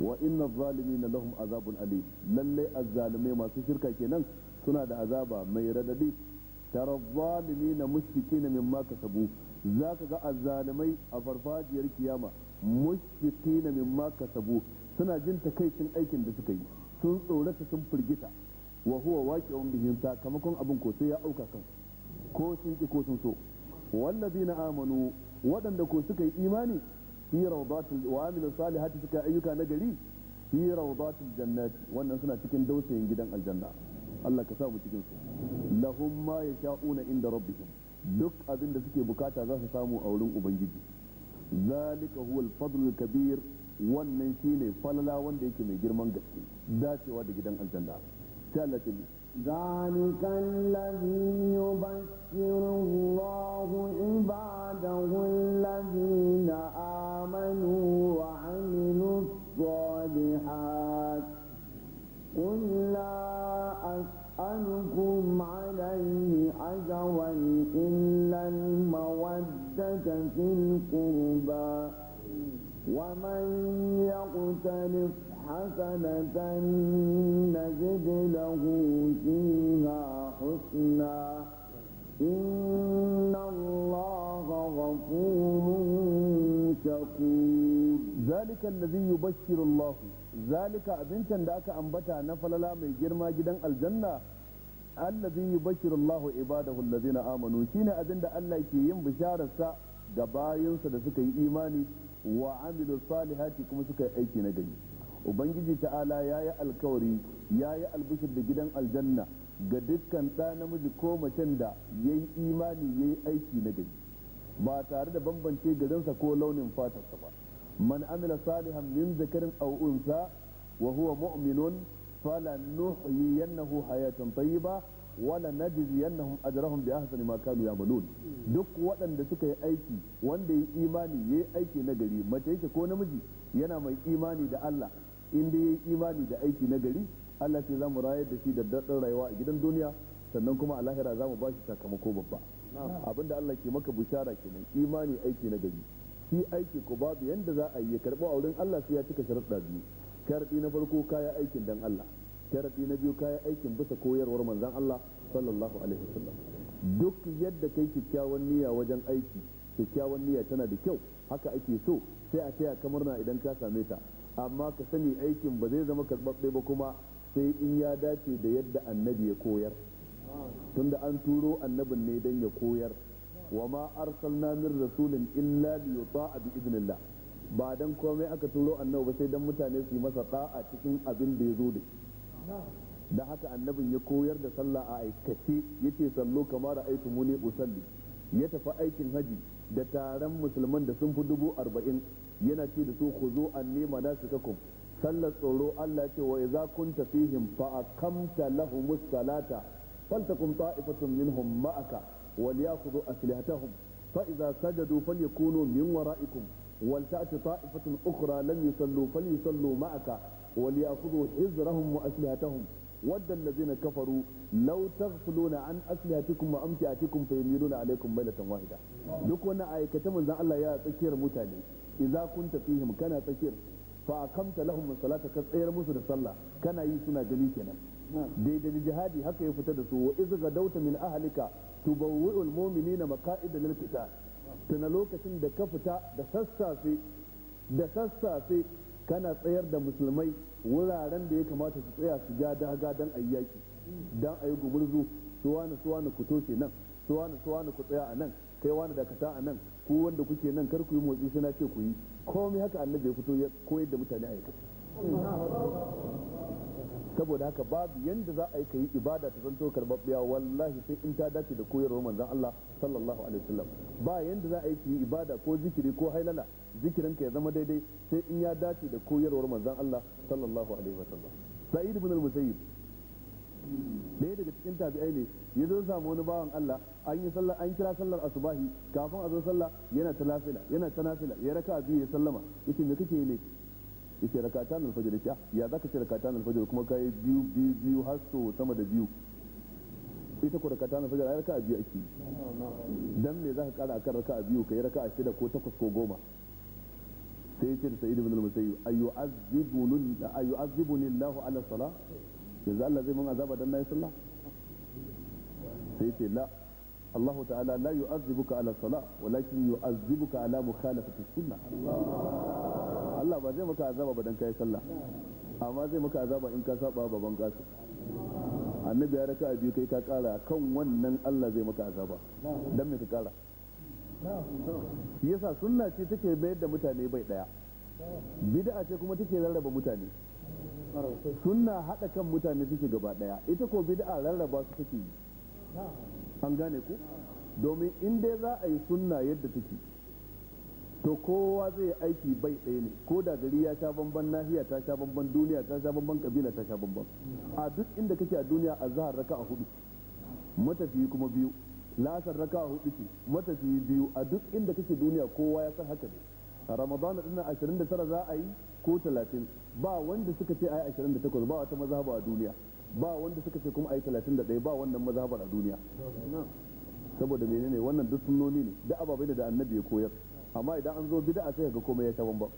[SPEAKER 1] wa inna zalimina lahum azabun alim lalle azzalimai masu shirka kenan suna da azaba mai radadi tara zalimina mushrikina mimma kasabu za ka ga azzalimai a farfajiyar kiyama mushfiqina mimma kasabu suna jin takaicin aikin da suka yi sun tsorata sun firgita wa huwa waqi'un bihim sakamakon abin ko sai ya auka kan ko sun ki ko sun so na amanu waɗanda ko suka yi imani fi rawdatil wa amilu salihati suka yi ayyuka na gari fi rawdatil jannati wannan suna cikin dausayin gidan aljanna Allah ka sa mu cikin su lahum ma yasha'una inda rabbihim duk abin da suke bukata za su samu a wurin ubangiji zalika huwal fadlul kabir wannan shine falala wanda yake mai girman gaske dacewa da gidan aljanna sai Allah ta
[SPEAKER 3] ذلك الذي يبشر الله عباده الذين آمنوا وعملوا الصالحات قل لا أشهد أسألكم عليه أجرا إلا المودة في القربى ومن يقترف حسنة نجد له فيها حسنا
[SPEAKER 1] إن الله غفور شكور zalikan allazi yubashshiru Allah zalika abincin da aka ambata na falala mai girma gidan aljanna allazi yubashshiru Allah ibadahu allazina amanu shine abin da Allah ke yin bishararsa ga bayinsa da suka yi imani wa amilu salihati kuma suka yi aiki na gari ubangiji ta'ala ya yi alkawari ya yi albishir da gidan aljanna ga dukkan ɗa namiji ko macen da ya yi imani ya yi aiki na gari ba tare da bambance garinsa ko launin fatarsa ba man amila salihan min zakarin aw unsa wa huwa mu'minun falanuhyiyannahu hayatan tayyiba wala najziyannahum ajrahum bi ahsani ma kanu ya'malun duk waɗanda suka yi aiki wanda yi imani yayi aiki na gari mace yake ko namiji yana mai imani da Allah in dai yayi imani da aiki na gari Allah sai zamu rayar da shi da daɗin rayuwa a gidan duniya sannan kuma a lahira zamu ba shi sakamako babba abinda Allah ke maka bishara kenan imani aiki na gari shi aiki ko babu yadda za a yi ya karɓo a wurin Allah sai ya cika sharaɗa biyu sharaɗi na farko kaya aikin dan Allah sharaɗi na biyu kaya aikin bisa koyarwar manzon Allah sallallahu alaihi wasallam duk yadda kai kyakkyawan niyya wajen aiki kyakkyawan niyya tana da kyau haka ake so sai a taya kamar na idan ka same ta amma ka sani aikin ba zai zama karɓaɓɓe ba kuma sai in ya dace da yadda annabi ya koyar tunda an turo annabin ne don ya koyar wa ma arsalna min rasulin illa li yuta'a bi idnillah ba dan komai aka turo annabi ba sai dan mutane su yi masa cikin abin da ya zo da da haka annabin ya koyar da sallah a aikace yace sallo kamar muni usalli ya tafi aikin haji da taron musulman da sun fi dubu arba'in yana ce da su ku zo an nema na su kakum sallar tsoro Allah ce wa idza kunta fihim fa akamta lahumus salata faltakum ta'ifatun minhum ma'aka وليأخذوا أسلحتهم فإذا سجدوا فليكونوا من ورائكم ولتأتي طائفة أخرى لم يصلوا فليصلوا معك وليأخذوا حذرهم وأسلحتهم ود الذين كفروا لو تغفلون عن أسلحتكم وأمتعتكم فيميلون عليكم ميلة واحدة duk wani aikata manzan Allah ya tsakiyar mutane idza kunta fihim kana tsakiyar fa akamta lahum salata ka tsayar musu da sallah kana yi suna gani kenan daidai jihadi haka ya fita da su wa iz gadauta min tubawuul mu'minina maqa'ida lil qital tana lokacin da ka fita da sassafe da sassafe kana tsayar da musulmai wuraren da ya kamata su tsaya su ja daga dan ayyaki dan ayi gumurzu suwana suwana ku toshe nan su wani ku tsaya a nan kai wani dakata a nan ku wanda kuke nan kar ku yi motsi sai na ce ku yi komai haka annabi ya fito ya koyar da mutane aikata saboda haka babu yanda za a yi kayi ibada ta zanto karbabbiya wallahi sai in ta dace da koyarwar manzon Allah sallallahu alaihi wasallam ba yanda za a yi kayi ibada ko zikiri ko hailala zikirin ka ya zama daidai sai in ya dace da koyarwar manzon Allah sallallahu alaihi wasallam sa'id ibn al-musayyib daya daga cikin tabi'ai ne ya zo samu wani bawan Allah an yi sallar an kira sallar asubahi kafin a zo sallah yana ta nafila yana ta nafila ya raka biyu ya sallama ita me kake ne yace rakatan alfajr sha ya zaka ce rakatan alfajr kuma kai biyu biyu biyu har so sama da biyu ita ko rakatan alfajr ai raka'a biyu ake dan me zaka kara akan raka'a biyu kai raka'a shida ko takwas ko goma sai yace da sa'id ibn al-musayyib ayu'azzibuni ayu'azzibuni Allah ala salah yanzu Allah zai mun azaba dan nayi sallah sai yace la الله تعالى لا يؤذبك على الصلاة ولكن يؤذبك على مخالفة السنة الله Allah ba zai maka azaba ba dan kai sallah amma zai maka azaba in ka saba baban kasu annabi ya raka biyu kai ka kara kan wannan Allah zai maka azaba dan me ka kara yasa sunna ce take bayar da mutane bai daya bid'a ce kuma take rarraba mutane sunna hada kan mutane take gaba daya ita ko bid'a rarraba su take yi an gane ku domin in dai za a yi sunna yadda take to kowa zai aiki bai ɗaya ne ko da gari ya sha bamban nahiya ta sha bamban duniya ta sha bamban kabila ta sha bamban a duk inda kake a duniya a zahar raka a hudu matafiyi kuma biyu lasar raka a hudu ce matafiyi biyu a duk inda kake duniya kowa ya san haka ne ramadan din ashirin da tara za a yi ko talatin ba wanda suka ce ai ashirin da takwas ba wata mazhabar a duniya ba wanda suka ce kuma ai talatin da ba wannan mazhabar a duniya saboda menene wannan duk sunnoni ne da ababai da annabi ya koyar amma idan an zo bid'a sai ga komai ya ta bambam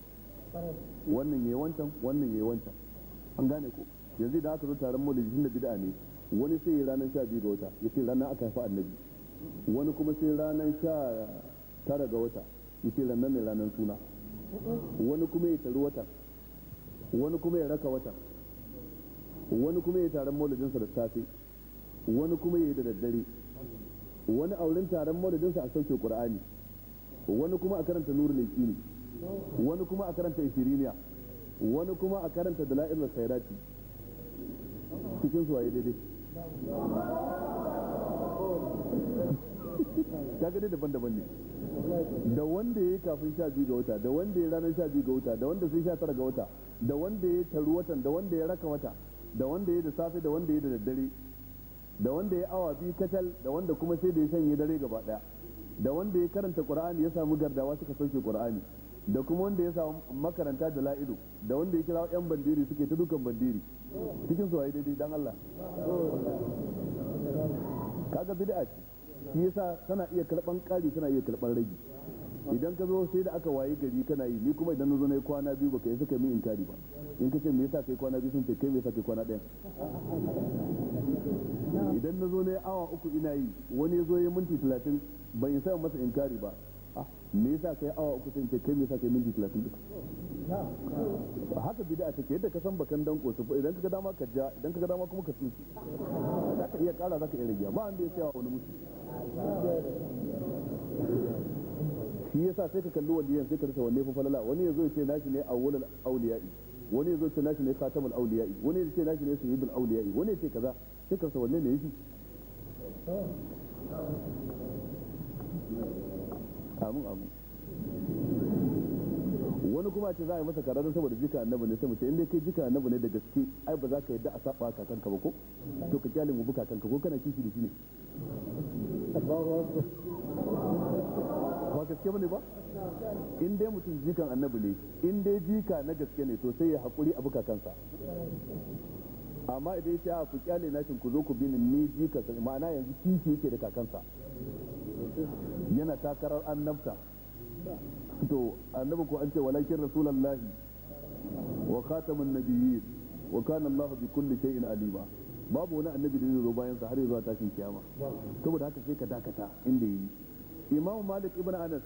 [SPEAKER 1] wannan yayi wancan wannan yayi wancan an gane ko yanzu idan aka zo taron maulidi tunda bid'a ne wani sai ya ranar sha biyu ga wata ya ce ranar aka haifa annabi wani kuma sai ranar sha tara ga wata ya ranan ranar ne ranar suna wani kuma ya taru wata wani kuma ya raka wata wani kuma ya taron sa da safe wani kuma ya yi da daddare wani auren taron sa a sauke qur'ani wani kuma a karanta nurul yaqini wani kuma a karanta ishiriniya wani kuma a karanta dalailul khairati cikin su waye daidai kaga dai daban-daban ne da wanda ya yi kafin sha biyu ga wata da wanda ya ranar sha biyu ga wata da wanda sai sha tara ga wata da wanda ya taru watan da wanda ya raka wata da wanda ya da safe da wanda ya da daddare da wanda ya awa biyu kacal da wanda kuma sai da ya shanye dare gaba daya da wanda ya karanta qur'ani ya samu gardawa suka sauke qur'ani da kuma wanda ya samu makaranta da la'ido da wanda ya kira yan bandiri suke ta dukan bandiri cikin su waye daidai dan Allah kaga bid'a ce shi yasa tana iya karban kari tana iya karban rage idan ka zo sai da aka waye gari kana yi ni kuma idan na zo na yi kwana biyu baka yi saka min inkari ba in ka ce me yasa kai kwana biyu sun ce kai me yasa kai kwana ɗaya idan na zo na yi awa uku ina yi wani ya zo ya minti talatin ban yi sa masa inkari ba ah, me yasa kai awa uku sun ce kai me yasa kai minti talatin duka haka bid'a take yadda ka san bakan danko su idan ga dama ka ja idan ga dama kuma ka tsuci za ka iya kara za ka iya rage ba wanda ya sayawa wani musu shi yasa sai ka kalli waliyan sai ka rasa wanne fa falala wani yazo yace nashi ne awwalul awliya'i wani yazo yace nashi ne khatamul awliya'i wani yazo yace nashi ne sayyidul awliya'i wani yace kaza sai ka rasa wanne ne yafi amin amin wani kuma ce za a yi masa don saboda jika annabi ne sai mu ce in dai kai jika annabi ne da gaske ai ba za ka yadda a saba kakanka ba ko to ka kyale mu buka kanka ko kana kishi da shi ne ba gaske bane ba in dai mutum jikan annabi ne in dai jika na gaske ne to sai ya hakuri a buka kansa amma idan ya a ku kyale nashin ku zo ku bi ni jika ma'ana yanzu kishi yake da kakansa yana takarar annabta to annabi ko an ce walakin rasulullahi wa khatamun nabiyyin wa kana Allah bi kulli shay'in alima babu wani annabi da zai zo bayan sa har zuwa tashin kiyama saboda haka sai ka dakata inda yi Imam Malik ibn Anas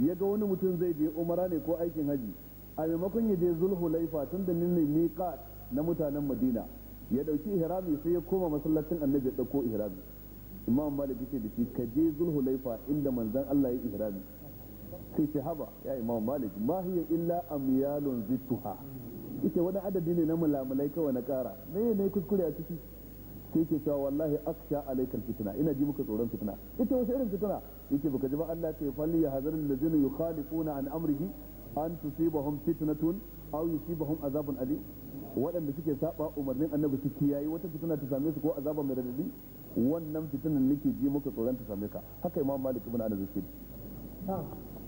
[SPEAKER 1] ya ga wani mutum zai je umara ne ko aikin haji a maimakon ya je zulhulaifa tun da ne miqat na mutanen Madina ya dauki ihrami sai ya koma masallacin annabi ya dauko ihrami Imam Malik yake da shi ka je zulhulaifa inda manzon Allah ya ihrami sai ce haba ya imam malik ma hiya illa amyalun zittuha yace wani adadi ne na mulamulai kawai na kara me ne kuskure a ciki sai ke cewa wallahi aksha alaikal fitna ina ji muka tsoron fitna ita wasu irin fitna yake baka ji ba Allah ce falli ya hazar allazina yukhalifuna an amrihi an tusibahum fitnatun aw yusibahum azabun ali waɗanda suke saba umarnin annabi su kiyaye wata fitina ta same su ko azaba mai radadi wannan fitinan nake ji muka tsoron ta same ka haka imam malik ibn anas yake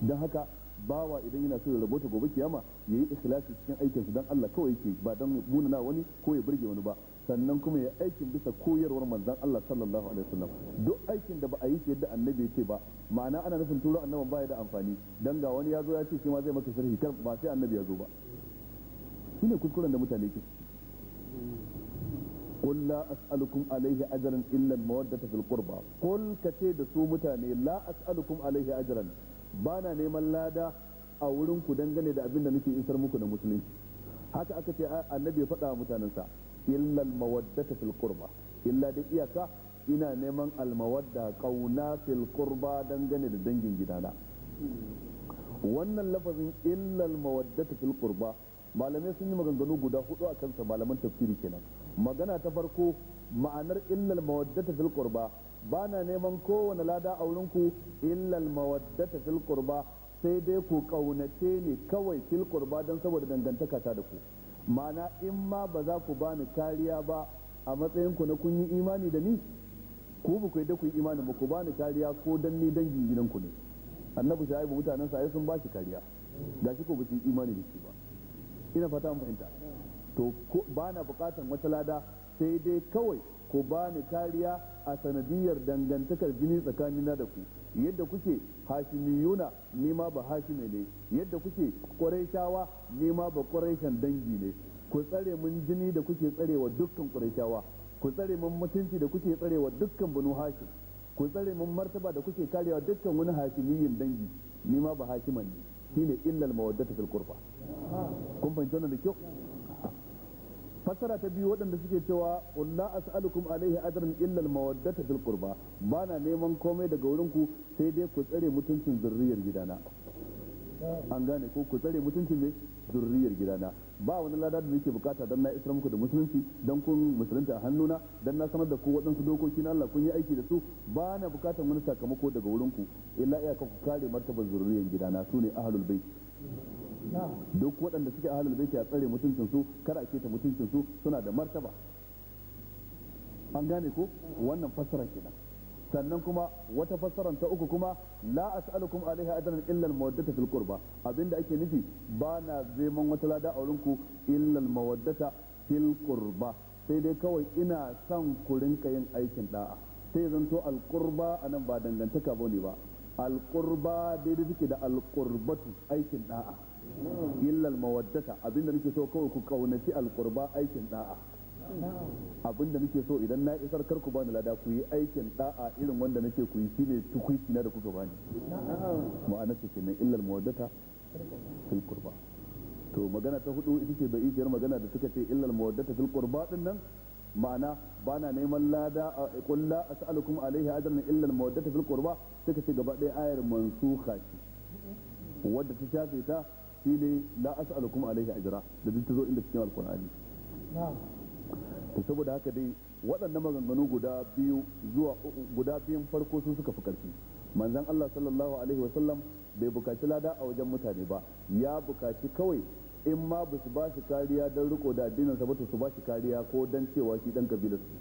[SPEAKER 1] don haka bawa idan yana so ya rabota gobe kiyama ya yi ikhlasi cikin aikinsu don Allah kawai yake ba don muna na wani ko ya burge wani ba sannan kuma ya aikin bisa koyarwar manzan Allah sallallahu alaihi wasallam duk aikin da ba a yi shi yadda annabi ya ce ba ma'ana ana nufin turo annaban baya da amfani dan ga wani ya zo ya ce shi ma zai maka sharhi kar ba sai annabi ya zo ba shine kuskuren da mutane ke قل لا أسألكم عليه أجرا إلا المودة في القربى قل كتيد سو متاني لا أسألكم عليه أجرا ba na neman lada a wurin ku dangane da abin da nake isar muku na musulunci haka aka ce annabi ya faɗa mutanensa illal mawaddata fil qurba illa da iyaka ina neman almawadda kauna fil qurba dangane da dangin gidana wannan lafazin illal mawaddata fil qurba malamai sun yi maganganu guda hudu a kansa malaman tafsiri kenan magana ta farko ma'anar illal mawaddata fil qurba ba na neman kowane lada a wurinku illal mawaddata fil qurba sai dai ku kaunace ni kawai fil qurba dan saboda dangantaka ta da ku mana in ma ba za ku bani kariya ba a matsayin ku na kun yi imani da ni ku ba ku da ku yi imani ba ku bani kariya ko dan ni dangin gidan ku ne annabi shaibu mutanen sa sun ba shi kariya shi ko ba su yi imani da shi ba ina fata mun fahimta to ba na bukatan wata lada sai dai kawai ku ba ni kariya a sanadiyar dangantakar jini tsakanina da ku yadda kuke hashimiyuna ni ma ba hashime ne yadda kuke ƙuraishawa ni ma ba ƙuraishan dangi ne ku tsare mun jini da kuke tsarewa dukkan ƙuraishawa ku tsare mun mutunci da kuke tsarewa dukkan banu hashim ku tsare mun martaba da kuke karewa dukkan wani hashimiyin dangi ni ma ba hashiman ne shine illal mawaddatu fil qurba kun fahimta wannan da kyau fassara ta biyu waɗanda suke cewa ulla as'alukum alaihi ajran illa al-mawaddata fil qurba bana neman komai daga wurin sai dai ku tsare mutuncin zurriyar gidana an gane ko ku tsare mutuncin ne zurriyar gidana ba wani lada da yake bukata dan na isra muku da musulunci dan kun musulunta a hannuna don na sanar da ku waɗansu dokoki na Allah kun yi aiki da su ba na bukatar wani sakamako daga wurin ku illa iyaka ku kare martabar zurriyar gidana su ne ahlul bait duk waɗanda suke halin baiti a tsare mutuncin su a keta mutuncin suna da martaba an gane ko wannan fassara kenan sannan kuma wata fassaran ta uku kuma la as'alukum alaiha ajran illa illan mawaddata fil qurba abinda ake nufi ba na zeman wata lada a wurinku illa al-mawaddata fil qurba sai dai kawai ina son ku rinka yin aikin da'a sai zanto alkurba a nan ba dangantaka bane ba alkurba dai daidai suke da alkurbatu aikin da'a illal mawaddata abinda nake so kawai ku kaunaci alqurba aikin da'a abinda nake so idan na isar karku bani lada ku yi aikin da'a irin wanda nake ku yi shine tukuici na da kuka bani ma'ana ce kenan illal mawaddata fil qurba to magana ta hudu ita ce bai jiyar magana da suka ce illal mawaddata fil qurba din nan ma'ana bana neman lada a kulla as'alukum alayhi ajran illa al-mawaddata fil qurba suka ce gaba ɗaya ayar mansuha ce wadda ta shafe ta shi ne la as'alukum alaihi ajra da duk tazo inda cikin alqur'ani to saboda haka dai waɗannan maganganu guda biyu zuwa guda biyun farko sun suka fi karfi manzon Allah sallallahu alaihi wa sallam bai bukaci lada a wajen mutane ba ya bukaci kawai in ma ba su ba shi kariya don riko da addinin sa ba su ba shi kariya ko dan cewa shi dan kabilar su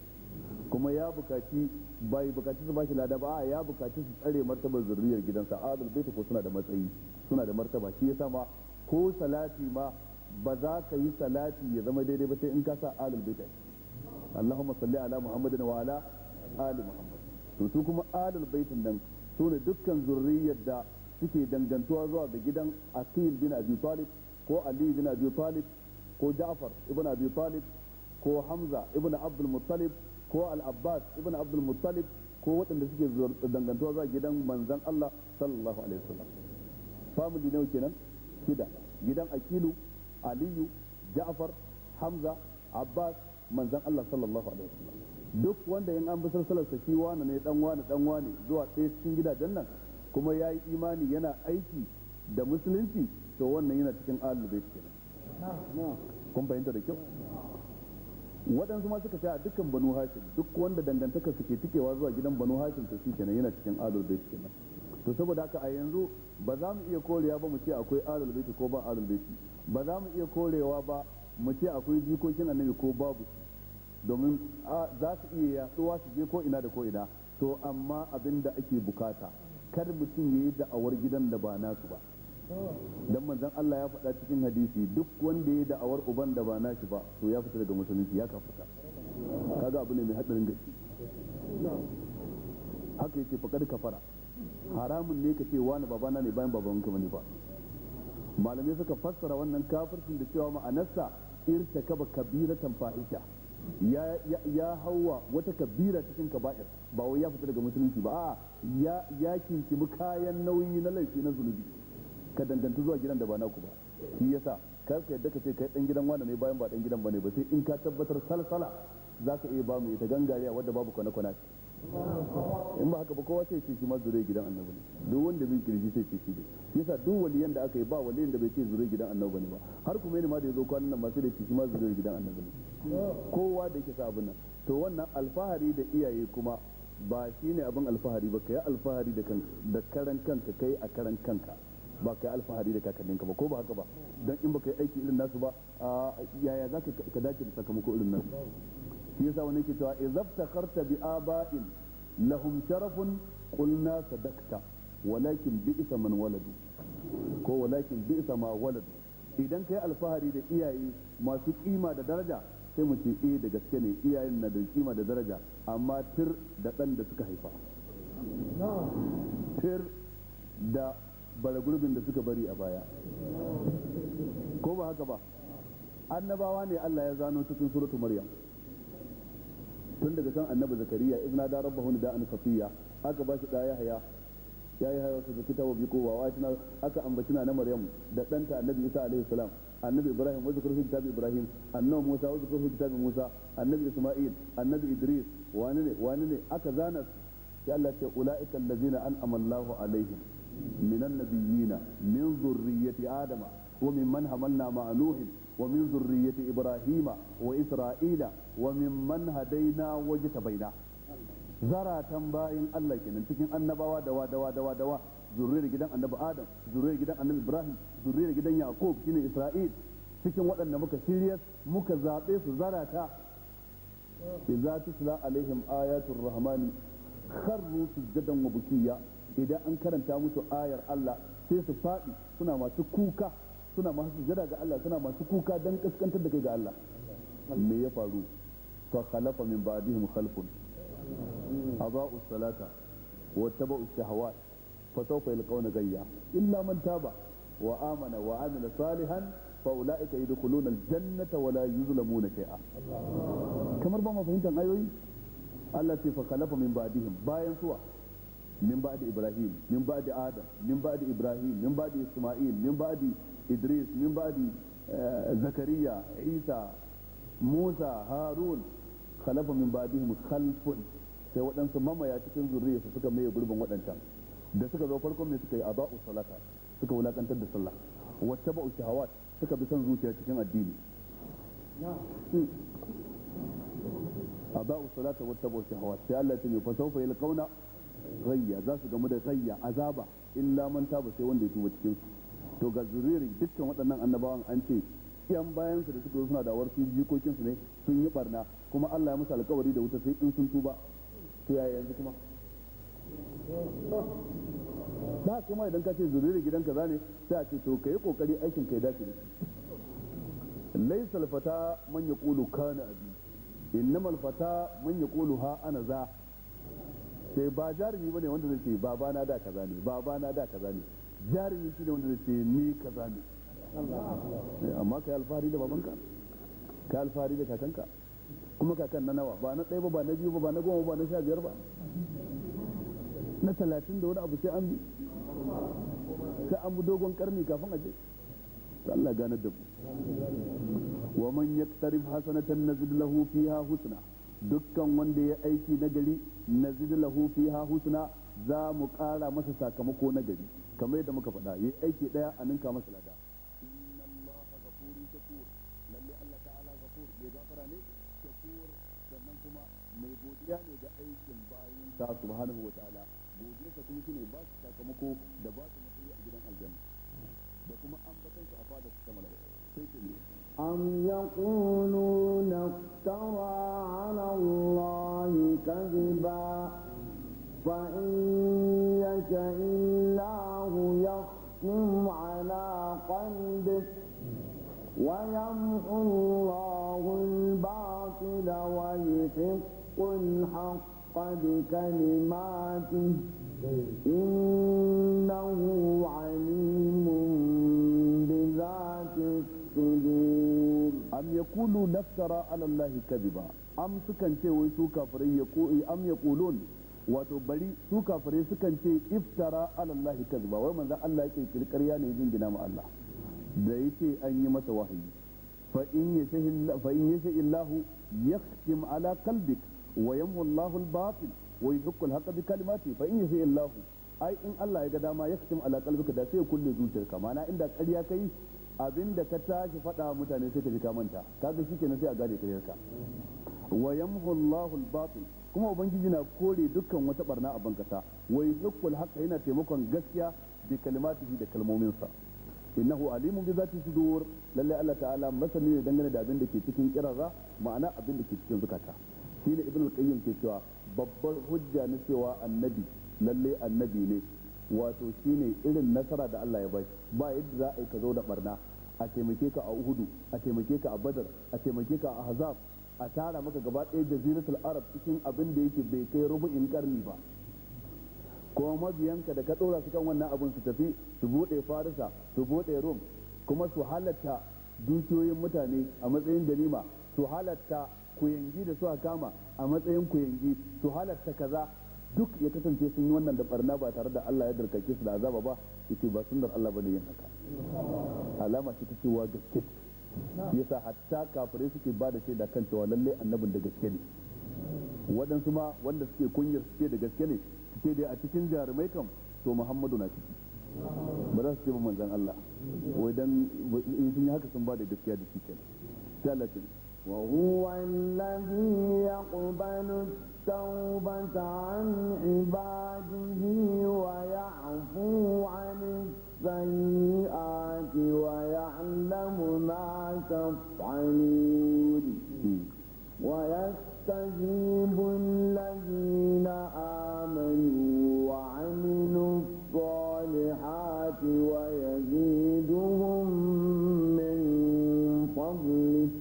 [SPEAKER 1] kuma ya bukaci bai bukaci su ba shi lada ba a ya bukaci su tsare martabar zurriyar gidansa adal bai ko suna da matsayi suna da martaba shi yasa ma ko salati ma ba za ka yi salati ya zama daidai ba sai in ka sa alul bid'a Allahumma salli ala Muhammadin wa ala ali Muhammad to su kuma alul baitin nan su ne dukkan zurriyar da suke dangantuwa zuwa da gidan Aqil bin Abi Talib ko Ali bin Abi Talib ko Ja'far ibn Abi Talib ko Hamza ibn Abdul Muttalib ko Al-Abbas ibn Abdul Muttalib ko waɗanda suke dangantuwa zuwa gidan manzon Allah sallallahu alaihi wasallam family nawa kenan shida gidan akilu aliyu ja'far hamza abbas Manzan Allah sallallahu alaihi wasallam duk wanda in an bi salsalar sa shi wani ne dan wani dan wani zuwa ɗaya cikin gidajen nan kuma ya yi imani yana aiki da musulunci to wannan yana cikin ahlul bait kenan kun fahimta da kyau waɗansu ma suka a dukkan banu hashim duk wanda dangantaka suke tikewa zuwa gidan banu hashim to shi kenan yana cikin ahlul bait kenan to saboda haka a yanzu ba za mu iya korewa ba mu ce akwai alul baiti ko ba alul baiti ba za mu iya korewa ba mu ce akwai jikokin annabi ko babu domin za su iya yaduwa su je ko ina da ko ina to amma abin da ake bukata kar mutum ya yi da'awar gidan da ba nasu ba dan manzon Allah ya faɗa cikin hadisi duk wanda ya da'awar uban da ba nashi ba to ya fita daga musulunci ya kafuta kaga abu ne mai hadarin gaske haka yake faƙar kafara haramun ne ka ce wani babana ne bayan baban ka ne ba malamai suka fassara wannan kafircin da cewa ma'anarsa kabira kabiratan fahisha ya ya hawa wata kabira cikin kaba'ir ba wai ya fita daga musulunci ba a ya ya kinkimi kayan nauyi na laifi na zunubi ka danganta zuwa gidan da ba naku ba shi yasa kar ka yadda ka ce kai dan gidan wani ne bayan ba dan gidan bane ba sai in ka tabbatar salsala za ka iya ba mu ita gangariya wadda babu kwana kwana in ba haka ba kowa sai ce shi ma gidan annabi ne duk wanda bin kirji sai ce shi ne yasa duk waliyan da aka yi ba waliyan da bai ce zure gidan annabi ne ba har kuma yana ma da yazo kwanan nan masu da ce shi ma gidan annabi ne kowa da yake sa abin nan to wannan alfahari da iyaye kuma ba shi ne abin alfahari ba kai alfahari da kanka da karan kanka kai a karan kanka ba kai alfahari da ka ba ko ba haka ba dan in ba kai aiki irin nasu ba yaya za ka dace da sakamako irin nasu shi yasa wani ke cewa idza takarta bi aba'in lahum sharafun qulna sadaqta walakin isa man waladu ko walakin isa ma waladu idan kai alfahari da iyaye masu kima da daraja sai mu ce eh da gaske ne iyayen na da kima da daraja amma tir da dan da suka haifa tir da baragurbin da suka bari a baya ko ba haka ba annabawa ne Allah ya zano cikin suratul maryam tun daga kan annabi zakariya ibna da rabbahu da an safiya aka bashi da yahya ya yi haya su kita wa biko wa wajina aka ambaci na maryam da ɗanta annabi isa alaihi salam annabi ibrahim wasu kurfin kitabi ibrahim annabi musa wasu kurfin kitabi musa annabi isma'il annabi idris wani ne wani ne aka zana su sai allah ce ula'ika allazina an'ama allahu alaihim minan nabiyina min zurriyyati adama wa mimman hamalna ma'a nuhin wa ذرية إبراهيم وإسرائيل waje ta baina. zaratan bayan Allah kenan cikin annabawa dawa dawa dawa dawa zurriyar gidan annabi Adam zurriyar gidan annabi Ibrahim zurriyar gidan Yaqub shine Isra'il cikin waɗanda muka shiryar muka zaɓe su zarata idza tusla alaihim ayatul rahmani kharru sujadan wa bukiya idan an karanta musu ayar Allah sai su faɗi suna masu kuka suna masu sujada ga Allah suna masu kuka dan kaskantar da kai ga Allah me ya faru fa khalafa min ba'dihim khalfun aza'u salata wa taba'u shahawat fa sawfa yalqawna gayya illa man taba wa amana wa amila salihan fa ulaika yadkhuluna aljannata wa la yuzlamuna shay'a kamar ba mu fahimtan ayoyi Allah ce fa khalafa min ba'dihim bayan suwa min ba'di ibrahim min ba'di adam min ba'di ibrahim min ba'di isma'il min ba'di idris min ba'di eh, zakariya isa musa harun khalafa min ba'dihim khalfun sai waɗansu mamaya cikin zurriyarsu suka maye gurbin waɗancan da suka zo farkon mai suka yi aba'u salata suka wulakantar da sallah wacce ba'u shahawat suka bi son zuciya cikin addini hmm. aba'u salata wacce ba'u shahawat sai Allah ya ce fa sawfa yalqauna ghayya za su gamu da ghayya azaba illa man taba sai wanda ya tuba cikin su to ga zuriyar dukkan waɗannan annabawan an ce yan bayan da suka zo suna da su jikokinsu ne sun yi barna kuma Allah ya musu alkawari da wuta sai in sun tuba to yaya yanzu kuma ba kuma idan ka ce zuriyar gidan kaza ne sai a ce to ka yi kokari aikin kai dace ne laysa alfata man yaqulu kana abi innama alfata man yaqulu ha ana za sai ba jarumi bane wanda zai ce babana da kaza ne babana da kaza ne jarumi shi ne wanda zai ce ni eh, ka ne amma kai alfahari da babanka yi alfahari da kakanka kuma kakan na nawa ba na ɗaya ba ba na biyu ba ba na goma ba na sha biyar ba na talatin da wani abu sai an bi sai an bi dogon karni kafin a je Allah gane da mu wa man yaktarif hasanatan nazid lahu fiha husna dukkan wanda ya aiki nagari nazid lahu fiha husna za mu kara masa sakamako nagari kamar yadda muka faɗa yayi aiki ɗaya a ninka masa lada inna allaha ghafurun shakur lalle allah ta'ala ghafur bai gafara ne shakur sannan kuma mai godiya ne ga aikin bayin sa subhanahu wa ta'ala godiyarsa kuma shine ba su sakamako da ba su matsayi a gidan aljanna da kuma ambatan su a fada su ta mala'ika sai
[SPEAKER 3] ke أم يقولون افترى على الله كذبا فإن يشأ الله يختم على قلبك ويمحو الله الباطل ويحق الحق بكلماته إنه عليم بذات
[SPEAKER 1] الصدور أم يقولوا نفترى على الله كذبا أم سكن تيوي سوكا يقول أم يقولون wato bari su kafare sukan ce iftara alallahi kazba wai manzon Allah yake kirkariya ne jingina ma Allah da yace an yi masa wahayi fa in yasha fa in yasha illahu yakhtim ala qalbik wa yamhu Allahu al-batil wa yuhiqqu al bi kalimati fa in yasha illahu ai in Allah ya ga dama yakhtim ala qalbika da sai ya kulle zuciyarka mana inda ƙarya kai abinda ka tashi faɗa mutane sai ka ji ka manta kaga shikenan sai a gane ƙaryarka wa yamhu Allahu al-batil kuma ubangiji na kore dukkan wata barna a bankasa wai zukul haka yana taimakon gaskiya bi kalimatihi da kalmominsa innahu alimun bi zati sudur lalle Allah ta'ala masani ne dangane da abin da ke cikin kirarra ma'ana abin da ke cikin zukata shine ibnu qayyim ke cewa babbar hujja na cewa annabi lalle annabi ne wato shine irin nasara da Allah ya bai ba yadda za a yi ka zo da barna a taimake ka a uhudu a taimake ka a badar a taimake ka a hazab a tara maka gaba ɗaya jaziratul arab cikin abin da yake bai kai rubu'in karni ba kuma mabiyanka da ka ɗora su kan wannan abin su tafi su buɗe farisa su buɗe rum kuma su halatta dukiyoyin mutane a matsayin ganima su halatta kuyangi da su kama a matsayin kuyangi su halatta kaza duk ya kasance sun yi wannan da barna ba tare da Allah ya darkake su da azaba ba yace ba sunnar Allah bane yin haka alama ce ta cewa gaskiya yasa hatta kafirai suke ba da shaida kan cewa lalle annabin da gaske ne waɗansu ma wanda suke kunyar suke da gaske ne suke dai a cikin jarumai kam to muhammadu na ciki ba za su ce ba manzan Allah wai dan in sun yi haka sun ba da gaskiya da shi kenan sai وهو الذي
[SPEAKER 3] يقبل التوبة عن عباده ويعفو عن السيئات ويعلم ما تفعلون ويستجيب الذين آمنوا وعملوا الصالحات ويزيدهم من فضله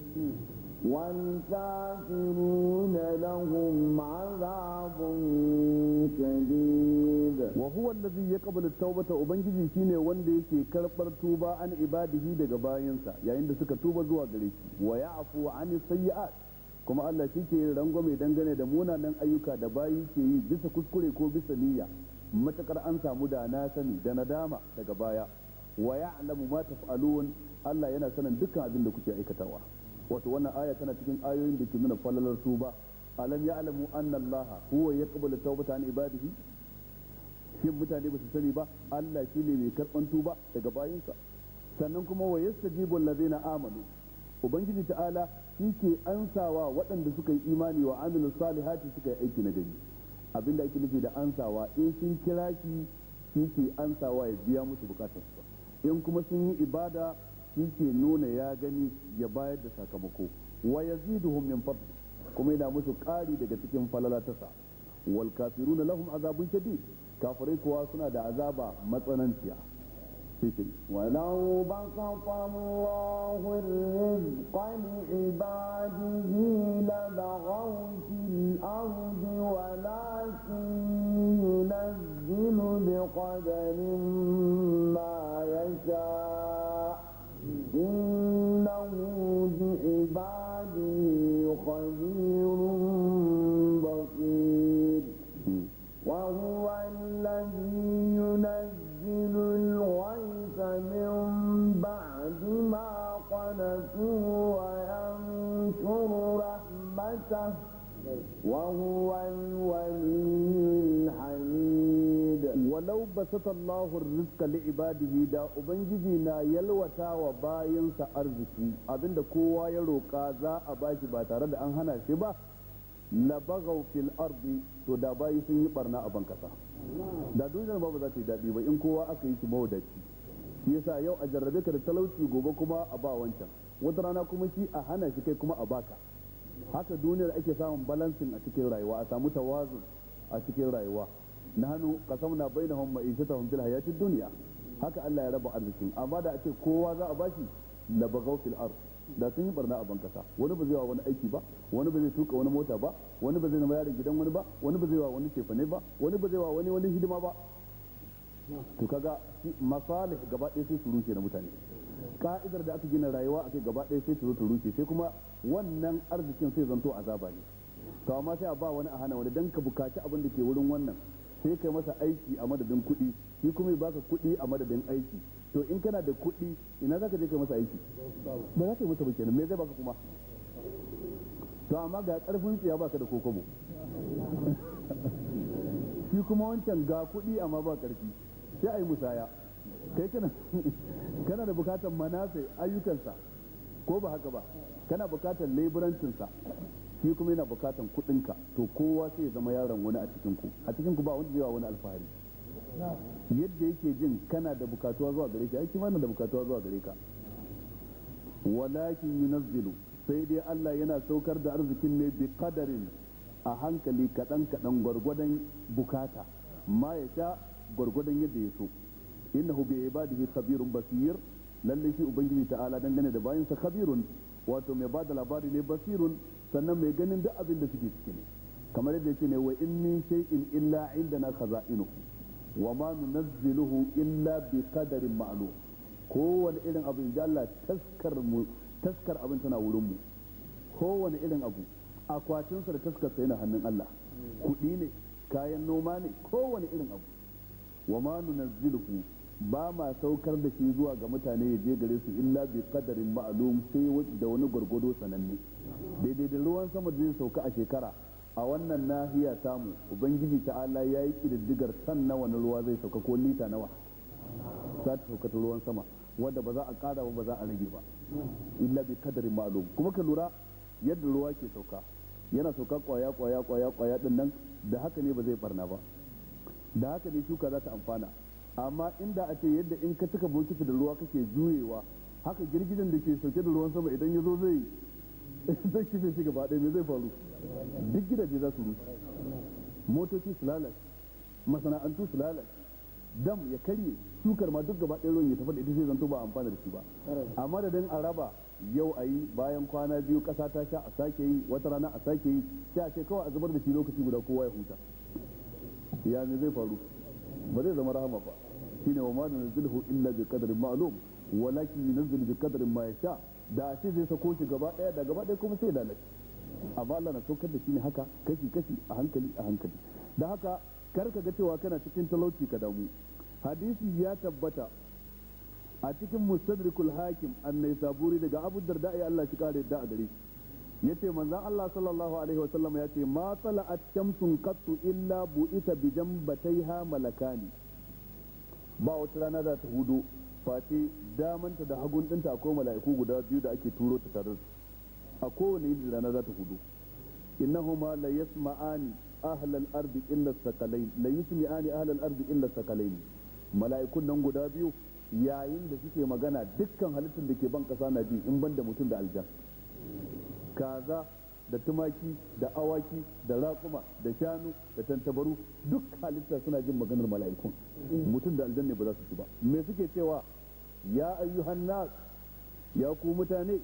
[SPEAKER 3] والكافرون
[SPEAKER 1] لهم عذاب شديد huwa allazi yaqbalu tawbata ubangiji shine wanda yake karbar tuba an ibadihi daga bayansa yayin da suka tuba zuwa gare waya wa ya'fu an sayyi'at kuma Allah shi ke rangwame dangane da munanan ayyuka da bayi ke yi bisa kuskure ko bisa niyya matakar an samu da na sani da nadama daga baya wa ya'lamu ma taf'alun Allah yana sanin duka abin da kuke aikatawa wato wannan aya tana cikin ayoyin da ke nuna falalar tuba alam ya'lamu anna Allah huwa yaqbalu tawbata an ibadihi shin mutane ba su sani ba Allah ne mai karban tuba daga bayinsa sannan kuma wa yastajibu na amalu ubangiji ta'ala shi ke ansawa waɗanda suka yi imani wa amilu salihati suka yi aiki na gari abinda ake nufi da ansawa in sun kira shi shi ke ansawa ya biya musu bukatar su in kuma sun yi ibada shi ke nuna ya gani ya bayar da sakamako wa yaziduhum min kuma yana musu ƙari daga cikin falalatasa wal kafiruna lahum azabun shadid kafirai kuwa suna da azaba matsananciya ولو بسط الله
[SPEAKER 3] الرزق لعباده لبغوا في الأرض ولكن ينزل بقدر ما يشاء إنه بعباده خبير رحمته وهو الولي الحميد ولو
[SPEAKER 1] بسط الله الرزق ubangiji na yalwata wa bayansa arziki abinda kowa ya roka za a bashi ba tare da an hana shi ba Na bagaw fil to da bayi sun yi barna a bankasa da duniyar ba za ta yi daɗi ba in kowa aka yi shi mawadaci shi yasa yau a jarrabe ka da talauci gobe kuma a ba wancan wata rana kuma shi a hana shi kai kuma a baka haka duniyar ake samun balansin a cikin rayuwa a samu tawazun a cikin rayuwa na hannu bai na kasamna bainahum ta fil hayatid duniya haka Allah ya raba arzikin amma da ake kowa za a bashi la bagaw fil ard da sun yi barna a bankasa wani ba zai wa wani aiki ba wani ba zai tuka wani mota ba wani ba zai na yarin gidan wani ba wani ba zai wa wani cefane ba wani ba zai wa wani wani hidima ba to kaga masalih gaba ɗaya sai su rushe na mutane ka'idar da aka gina rayuwa a kai gaba ɗaya sai ta zo ta rushe sai kuma wannan arzikin sai zanto azaba ne to amma sai a ba wani a hana wani dan ka bukaci abin da ke wurin wannan sai kai masa aiki a madadin kuɗi shi kuma ya baka kuɗi a madadin aiki to in kana da kuɗi ina zaka je kai masa aiki ba za ka yi masa ba kenan me zai baka kuma to amma ga karfin tsiya baka da kokobo *laughs* shi kuma wancan ga kuɗi amma ba karfi sai a yi musaya kai *laughs* kana da bukatar manasa ayyukansa ko ba haka ba kana bukatar leburancinsa shi kuma yana bukatar kudinka to kowa sai ya zama yaron wani a cikinku a cikinku ba wanda zai wani alfahari yadda yake jin kana da bukatuwa zuwa gare ka aiki mana da bukatuwa zuwa gare ka walakin yunazzilu sai dai Allah yana saukar da arzikin ne bi qadarin a hankali kadan kadan gwargwadon bukata ma ya sha gwargwadon yadda ya so innahu bi ibadihi khabirun basir lalle shi ubangiji ta'ala dangane da bayinsa khabirun wato mai bada labari ne basirun sannan mai ganin duk abin da suke ciki ne kamar yadda yake ne wa in min shay'in illa indana khaza'inu wa ma nunazziluhu illa bi qadarin ma'lum kowane irin abu inda Allah taskar mu taskar abin tana wurin mu kowane irin abu akwatin akwatinsa da taskar sa yana hannun Allah kuɗi ne kayan noma ne kowane irin abu wa ma nunazziluhu ba ma saukar da shi zuwa ga mutane ya je gare su illa bi kadarin ma'lum sai da wani gwargwado sananne daidai da ruwan sama da zai sauka a shekara a wannan nahiya tamu ubangiji ta'ala ya yi kididdigar san nawa na ruwa zai sauka ko lita nawa za ta sauka ta ruwan sama wanda ba za a kada ba za a rage ba illa bi kadarin ma'lum kuma ka lura yadda ruwa ke sauka yana sauka kwaya kwaya kwaya kwaya din da haka ne ba zai barna ba da haka ne shuka za ta amfana amma inda a ce yadda in ka cika bokiti da ruwa kake juyewa haka girgijen da ke sauke da ruwan sama idan ya zo zai zai kife shi gaba ɗaya me zai faru duk gidaje za su rushe motoci su lalace masana'antu su lalace dam ya karye shukar ma duk gaba ɗaya ruwan ya tafi da ita sai zanto ba amfana da shi ba amma da dan araba yau a yi bayan kwana biyu ƙasa ta sha a sake yi wata rana a sake yi sai a ce kawai a zubar da shi lokaci guda kowa ya huta ya ne zai faru ba zai zama rahama ba shine wa ma nunzilu illa bi qadarin ma'lum walakin yunzilu bi qadarin ma yasha da a ce zai sako shi gaba daya da gaba daya kuma sai lalace amma Allah na saukar da shi ne haka kashi kashi a hankali a hankali da haka kar ka ga cewa kana cikin talauci ka damu hadisi ya tabbata a cikin mustadrikul hakim annai saburi daga abu darda ya Allah shi kare da a gare yace manzan Allah sallallahu alaihi wasallam yace ma tala'at shamsun qattu illa bu'ita bi jambataiha malakani ba wata rana za ta hudu face damanta da hagun dinta akwai mala'iku guda biyu da ake turo ta tare a kowane yin rana za ta hudu innahuma la yasma'ani ahlal ardi illa sakalain la ahlal ardi illa sakalain mala'ikun nan guda biyu yayin da suke magana dukkan halittun da ke ban kasa na ji in ban da mutum da aljan kaza da tumaki da awaki da raƙuma da shanu da tantabaru duk halitta suna jin maganar mala'ikun mutum da aljanna ba za su ci ba me suke cewa ya ayyuhan nas ya ku mutane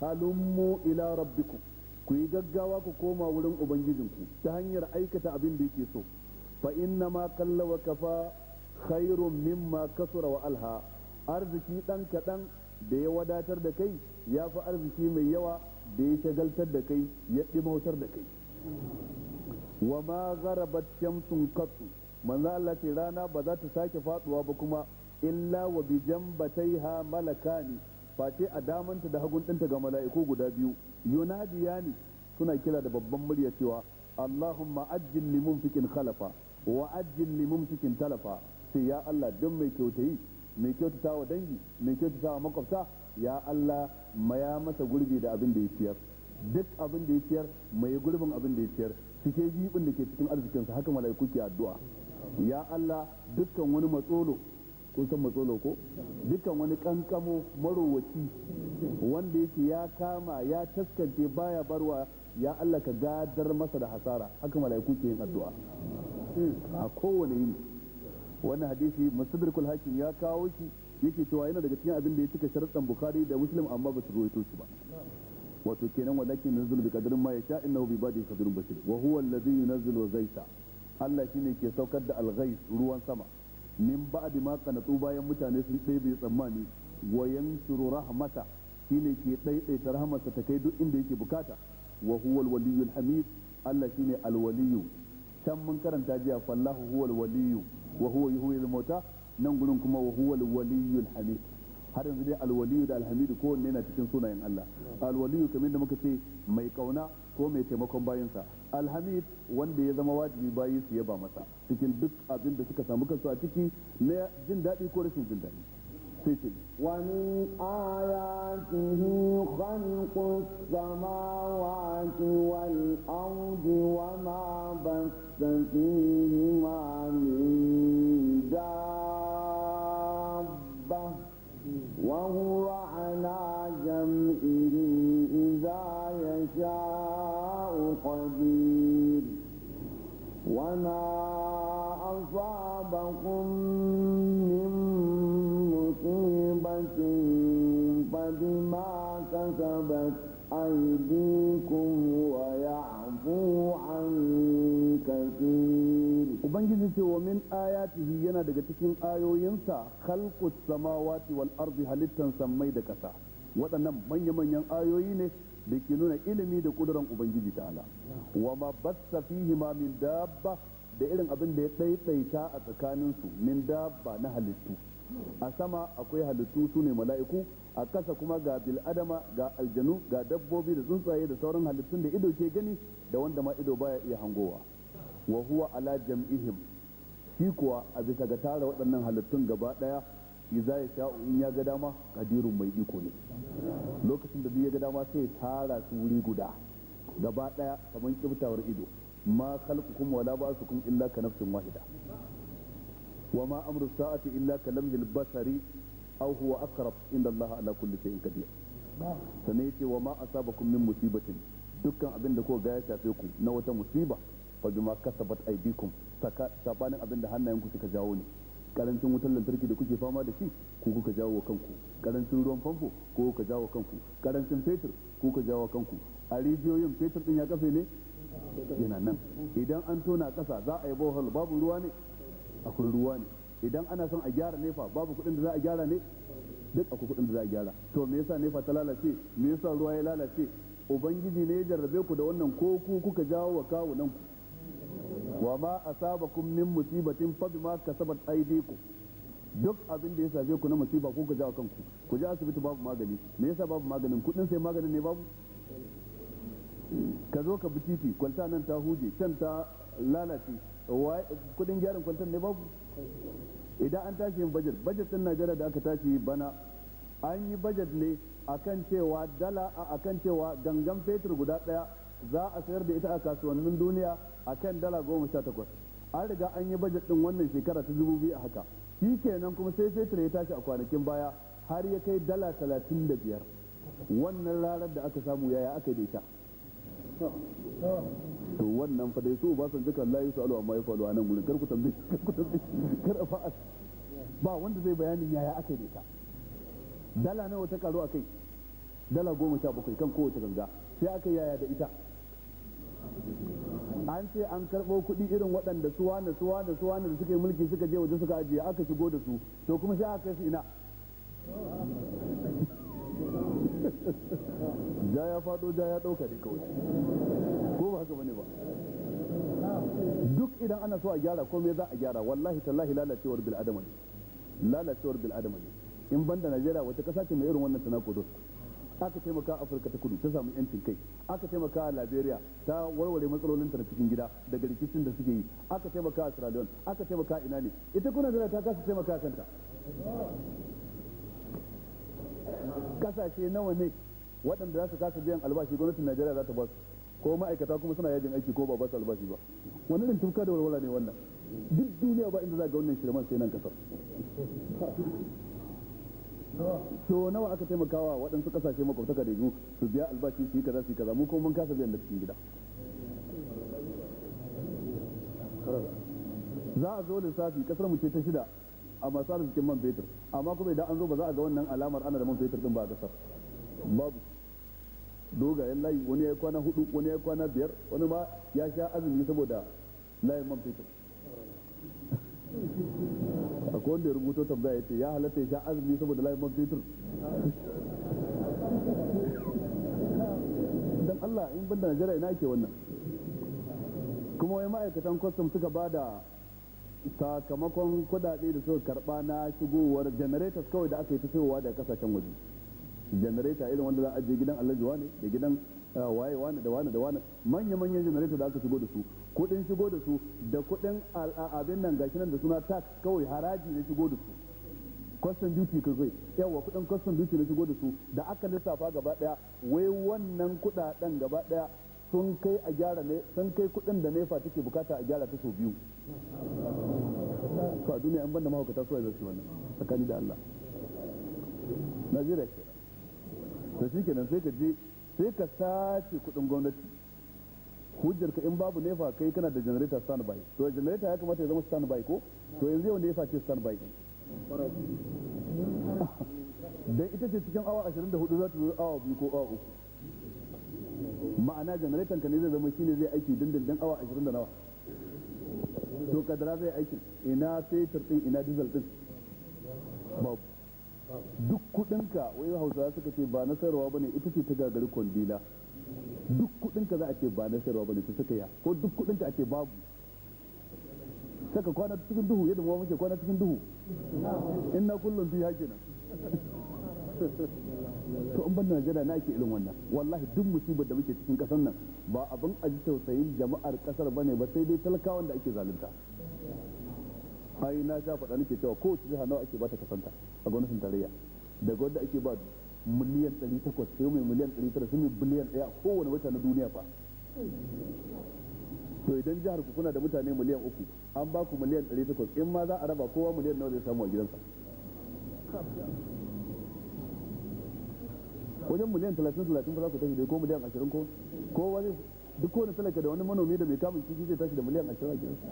[SPEAKER 1] halummu ila rabbikum ku yi gaggawa ku koma wurin ubangijinku ta hanyar aikata abin da yake so fa inna ma kalla wa kafa khairun mimma kasura wa alha arziki dan kadan da ya wadatar da kai ya fi arziki mai yawa da ya shagaltar da kai ya dimautar da kai wa ma gharabat shamsun qattu manzo Allah ce rana ba za ta sake faduwa ba kuma illa wa bi jambataiha malakani face a damanta da hagun dinta ga mala'iku guda biyu yunadiyani suna kira da babban murya cewa Allahumma ajjil li mumfikin khalafa wa ajjil li mumfikin talafa sai ya Allah dan mai kyautayi mai kyautata wa dangi mai kyautata wa makwabta ya Allah maya masa gurbi da abin da ya ciyar duk abin da ya ciyar mai gurbin abin da ya ciyar cike jibin da ke cikin arzikinsa haka mala'iku ke addu'a ya Allah dukkan wani matsolo kun san matsolo ko dukkan wani kankamo marowaci wanda yake ya kama ya taskance baya barwa ya Allah ka gadar masa da hasara haka mala'iku ke yin addu'a hmm, a kowane yini wannan hadisi musadrarkul hakim ya kawo shi yake cewa yana daga cikin abin da ya cika sharaɗin bukari da muslim amma ba su ruwaito shi ba wato kenan walakin nazul bi qadrin ma yasha innahu bi ibadihi qadirun basir wa huwa alladhi yunazzilu zaita Allah shine ke saukar da alghais ruwan sama min ba'di ma qanatu bayan mutane sun ɗebe tsammani wa yansuru rahmata shine ke ɗaiɗaita rahmarsa ta kai duk inda yake bukata wa huwa alwaliyyu alhamid Allah shine alwaliyu can mun karanta jiya fallahu huwa alwaliyyu wa huwa yuhyil mauta nan gurin kuma wa huwal waliyul hamid har yanzu dai alwaliyu da alhamidu kowanne yana cikin sunayen Allah alwaliyu kamar da muka ce mai kauna ko mai taimakon bayansa alhamid wanda ya zama wajibi bayi su ya ba masa cikin duk abin da suka samu kansu a ciki na jin daɗi ko rashin jin daɗi
[SPEAKER 3] ومن آياته خلق السماوات والأرض وما بث فيهما من دار وهو على جمعه إذا يشاء قدير وما أصابكم من مصيبة فبما كسبت أيديكم
[SPEAKER 1] ubangiji ce wa min ayatihi yana daga cikin ayoyinsa khalqus samawati wal ardi halittan sammai da kasa waɗannan manya-manyan ayoyi ne da ke nuna ilimi da kuduran ubangiji ta'ala wa ma bassa fihi ma min dabba da irin abin da ya ɗaiɗaita a tsakaninsu min dabba na halittu a sama akwai halittu su ne mala'iku a kasa kuma ga bil'adama ga aljanu ga dabbobi da tsuntsaye da sauran halittun da ido ke gani da wanda ma ido baya iya hangowa wa huwa ala jam'ihim shi kuwa a bisa ga tara waɗannan halittun gaba ɗaya iza ya sha'u in ya ga dama kadirun mai iko ne lokacin da ya ga dama sai ya tara su wuri guda gaba ɗaya kamar kiftawar ido ma khalqukum wala ba'sukum illa ka nafsin wahida wa ma amru sa'ati illa ka lamhil basari aw huwa aqrab inda Allah ala kulli shay'in qadir sannan ce wa ma asabakum min musibatin dukkan abin da ko ga ya shafe ku na wata musiba fa bima kasabat aibikum sabanin abin da hannayenku suka jawo ne karancin wutar lantarki da kuke fama da shi ku kuka jawo wa kanku karancin ruwan famfo ko kuka jawo wa kanku karancin fetur ko kuka jawo wa kanku a rijiyoyin fetur din ya kafe ne yana nan idan an tona kasa za a yi bohol babu ruwa ne akwai ruwa ne idan ana son a gyara nefa babu kuɗin da za a gyara ne duk akwai kuɗin da za a gyara to me yasa nefa ta lalace me yasa ruwa ya lalace ubangiji ne ya jarrabe ku da wannan ko ku kuka jawo wa kawunan ku wa ma kun min musibatin fa bima kasabat aydikum duk abin da ya same ku na musiba ko ku ja kanku ku je asibiti babu magani me yasa babu maganin kudin sai maganin ne babu ka zo ka bi titi kwalta nan ta huje can ta lalace kudin gyaran kwaltan ne babu idan an tashi yin bajet bajet din najeriya da aka tashi bana an yi bajet ne akan cewa dala a akan cewa gangan fetur guda daya za a sayar da ita a kasuwannin duniya a kan dala goma sha takwas an riga an yi bajet din wannan shekara ta dubu biyu a haka shi kenan kuma sai fetur ya tashi a kwanakin baya har ya kai dala talatin da biyar wannan ranar da aka samu yaya aka da ita
[SPEAKER 2] to
[SPEAKER 1] wannan fa dai su ba san duka layu su alwa amma ya falu a nan gurin kar ku tambi kar ku tambaye kar fa ba wanda zai bayanin yaya aka da ita dala nawa ta karo akai dala goma sha bakwai kan kowace ganga sai aka yaya da ita an ce an karɓo kuɗi irin waɗanda suwa na suwa na suwa da suka yi mulki suka je waje suka ajiye aka shigo da su to kuma sai aka su ina *laughs* ja ya faɗo ja ya ɗauka ne kawai ko ba haka bane ba duk idan ana so a gyara komai za a gyara wallahi tallahi lalacewar bil'adama ne lalacewar bil'adama ne in banda najeriya wata kasa ce mai irin wannan tana kudu aka taimaka afirka ta kudu ta samu yancin kai aka taimaka a liberia ta warware matsalolinta na cikin gida daga rikicin da suke yi aka taimaka a sierra leone aka taimaka ina ne ita kuna zira ta kasa taimaka kanta kasashe nawa ne waɗanda za su kasa biyan albashi gwamnatin najeriya za ta ba su ko ma'aikata kuma suna yajin aiki ko ba ba su albashi ba wani irin tufka da walwala ne wannan duk duniya ba inda za ga wannan shirman sai nan kasar to nawa aka taimakawa waɗansu ƙasashe makwabtaka da yiwu su biya albashi su yi kaza su yi kaza mu kuma mun kasa biyan da cikin gida za a zo lissafi kasar mu ce ta shida a masu cikin man fetur amma kuma idan an zo ba za a ga wannan alamar ana da man fetur din ba a kasar babu dogayen layi wani ya kwana hudu wani ya kwana biyar wani ma ya sha azumi saboda layin man fetur kowane wanda ya rubuto tambaya ya ce ya halatta ya sha azumi saboda layin man fetur dan Allah in banda Najeriya ina ke wannan kuma wai ma'aikatan kwastam suka ba da sakamakon kudade da suka karba na shigowar generators kawai da aka yi ta sayowa daga kasashen waje generator irin wanda za a je gidan alhaji wane da gidan ah, wayewa da wane da wane manya-manyan generator da aka shigo da su kudin shigo da su da kudin abin nan gashi nan da suna tax kawai haraji na shigo da su custom duty ka zai yawa kudin custom duty na shigo da su da aka lissafa gaba daya wai wannan kudaden gaba daya sun kai a gyara ne sun kai kudin da nefa take bukata a gyara ta sau biyu to a duniya an banda mahaukata su zai wannan tsakani da Allah Najeriya ke to shi kenan sai ka je sai ka sace kudin gwamnati hujjar ka in babu nefa kai kana da generator standby to generator ya kamata ya zama standby ko to yanzu yau nefa ce standby dan ita ce cikin awa 24 za ta zo awa biyu ko awa uku ma'ana generator ka ne zai zama shine zai aiki dan awa 20 da nawa to kadara zai aiki ina fetur din ina diesel din babu duk kudinka wai hausawa suka ce ba nasarwa bane ita ce ta gagari kwandila duk kudinka za a ce ba na sayarwa bane su suka ya ko duk kudinka a ce babu saka kwana cikin duhu yadda muke kwana cikin duhu inna kullum fi hakina to in ban Najeriya na ake irin wannan wallahi duk musibar da muke cikin kasar nan ba abin a ji tausayin jama'ar kasar bane ba sai dai talakawan da ake zalunta ai na sha faɗa nake cewa kowace jiha nawa ake ba ta kasanta a gwamnatin tarayya daga wanda ake ba miliyan 800 sai mai miliyan 900 sai mai biliyan 1 kowane wata na duniya fa to idan jihar ku kuna da mutane miliyan 3 an ba ku miliyan 800 in ma za a raba kowa miliyan nawa zai samu a gidansa wajen miliyan 30-30 za ku tafi dai ko miliyan 20 ko kowa zai duk kowane talaka da wani manomi da mai kamun kifi zai tashi da miliyan 20 a gidansa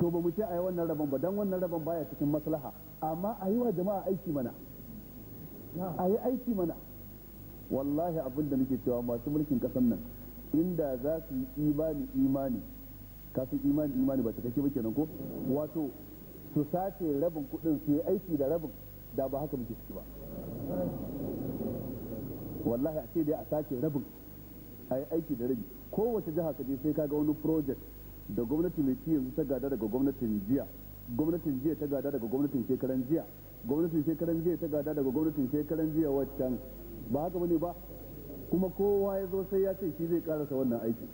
[SPEAKER 1] to ba mu ce a yi wannan rabon ba don wannan rabon baya cikin maslaha amma a yi wa jama'a aiki mana a yi aiki mana wallahi abin da nake cewa masu mulkin kasan nan inda za su yi imani imani su imani imani ba ta kashe ba kenan ko wato su sace rabin kudin su yi aiki da rabin da ba haka muke ciki ba wallahi a ce dai a sace rabin a yi aiki da rabi kowace jiha ka je sai kaga wani project da gwamnati mai ci yanzu ta gada daga gwamnatin jiya gwamnatin jiya ta gada daga gwamnatin shekaran jiya gwamnatin shekaran jiya ta gada daga gwamnatin shekaran jiya waccan ba haka bane ba kuma kowa ya zo sai ya ce shi zai karasa wannan aiki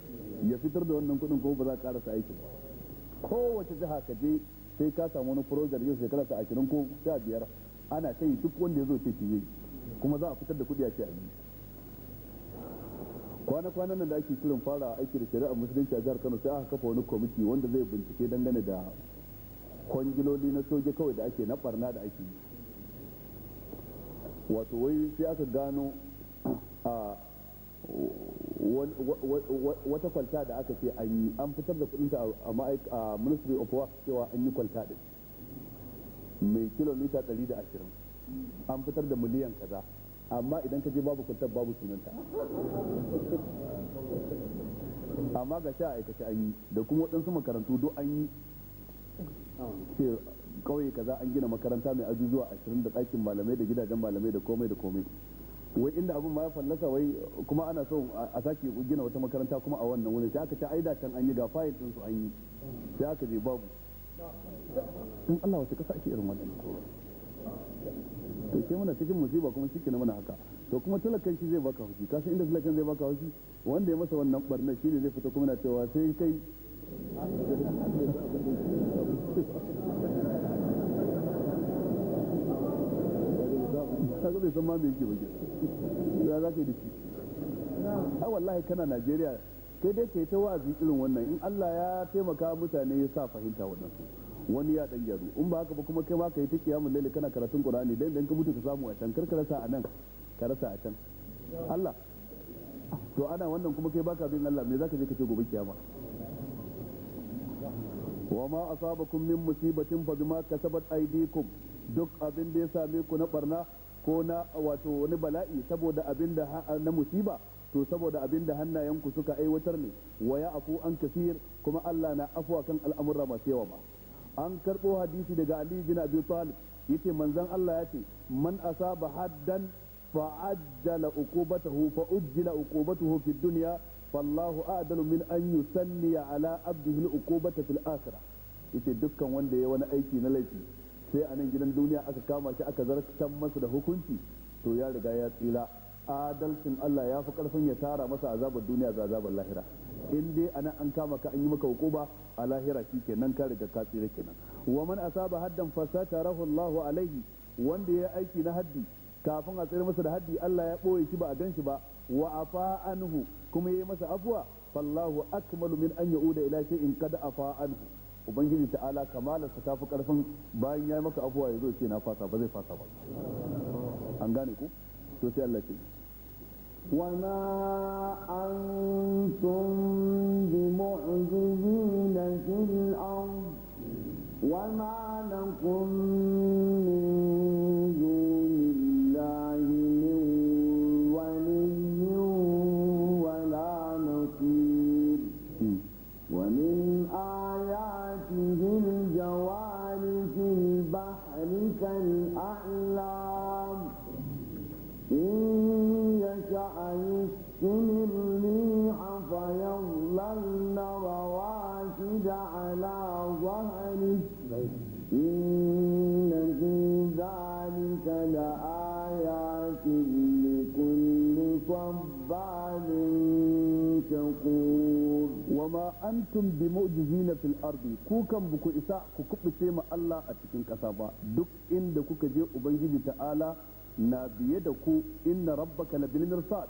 [SPEAKER 1] ya fitar da wannan kuɗin ko ba za a karasa aiki ba kowace jiha ka je sai ka samu wani furojar yau shekara ta ashirin ko sha biyar ana kai duk wanda ya zo ce shi zai kuma za a fitar da kuɗi a ce a yi kwana-kwanan da ake kiran fara aiki da shari'a musulunci a jihar kano sai aka kafa wani kwamiti wanda zai bincike dangane da kwangiloli na soja kawai da ake na barna da ake wato wai sai aka gano a wata kwalta da aka ce an fitar da kudinta a ministry of work cewa an yi kwalta din mai kilomita 120 an fitar da miliyan kaza amma idan ka je babu kwantar babu sunanta amma ga sha aikace an yi da kuma waɗansu makarantu duk an yi ce kauye kaza an gina makaranta mai ajujuwa ashirin da ɗakin malamai da gidajen malamai da komai da komai wai inda abin ma ya fallasa wai kuma ana so a sake gina wata makaranta kuma a wannan wurin sai aka ce ai da can an yi ga fayil din su an yi sai aka je babu dan Allah wace kasa ake irin wannan to ke muna cikin musiba kuma shi kenan muna haka to kuma talakan shi zai baka hushi kasan inda talakan zai baka hushi wanda ya masa wannan barna shi ne zai fita kuma na cewa sai kai kaga bai san ma me yake ya za ka yi ai wallahi kana Najeriya kai dai kai ta wa'azi irin wannan in Allah ya taimaka mutane ya sa fahimta waɗansu wani ya dan gyaru in ba haka ba kuma kai ma ka yi ta kiyamun kana karatun qur'ani dan dan ka mutu ka samu a can kar ka rasa a nan ka rasa a can Allah to ana wannan kuma kai baka bin Allah me zaka je ka ce gobe kiyama wa ma asabakum min musibatin fa bima kasabat aydikum duk abin da ya same ku na barna ko na wato wani bala'i saboda abin da na musiba to saboda abin da hannayenku suka aiwatar ne wa ya afu an kasir kuma Allah na afuwa kan al'amura masu yawa ba an karbo hadisi daga ali bin abi talib yace manzon Allah yace man asaba haddan fa ajjala uqubatahu fa ujjila uqubatuhu fid dunya fallahu a'dalu min an yusalli ala abdihi al-uqubata fil akhirah yace dukkan wanda ya wani aiki na laifi sai a nan gidan duniya aka kama shi aka zartan masa da hukunci to ya riga ya tsira adalcin Allah ya fi karfin ya tara masa azabar duniya ga azabar lahira in dai anan an kama ka an yi maka hukuma a lahira kenan ka riga ka tsira kenan wa man asaba haddan fasatarahu Allah alaihi wanda ya aiki na haddi kafin a tsira masa da haddi Allah ya boye shi ba a gan shi ba wa afa anhu kuma yayi masa afwa fallahu akmalu min an yauda ila shay'in kad afa anhu ubangiji ta'ala kamalar ta tafi karfin bayan yayi maka afuwa ya ce na fasa ba zai fasa ba an gane ku to sai Allah ce وما
[SPEAKER 3] أنتم بمعجزين في الأرض وما لكم من
[SPEAKER 1] bi شكور وما أنتم بمعجزين في الأرض كوكم بكو إساء كوكب سيما الله أتكين كسابا دك إن دكوك جي أبنجي تعالى نابي دكو إن ربك لبالمرصاد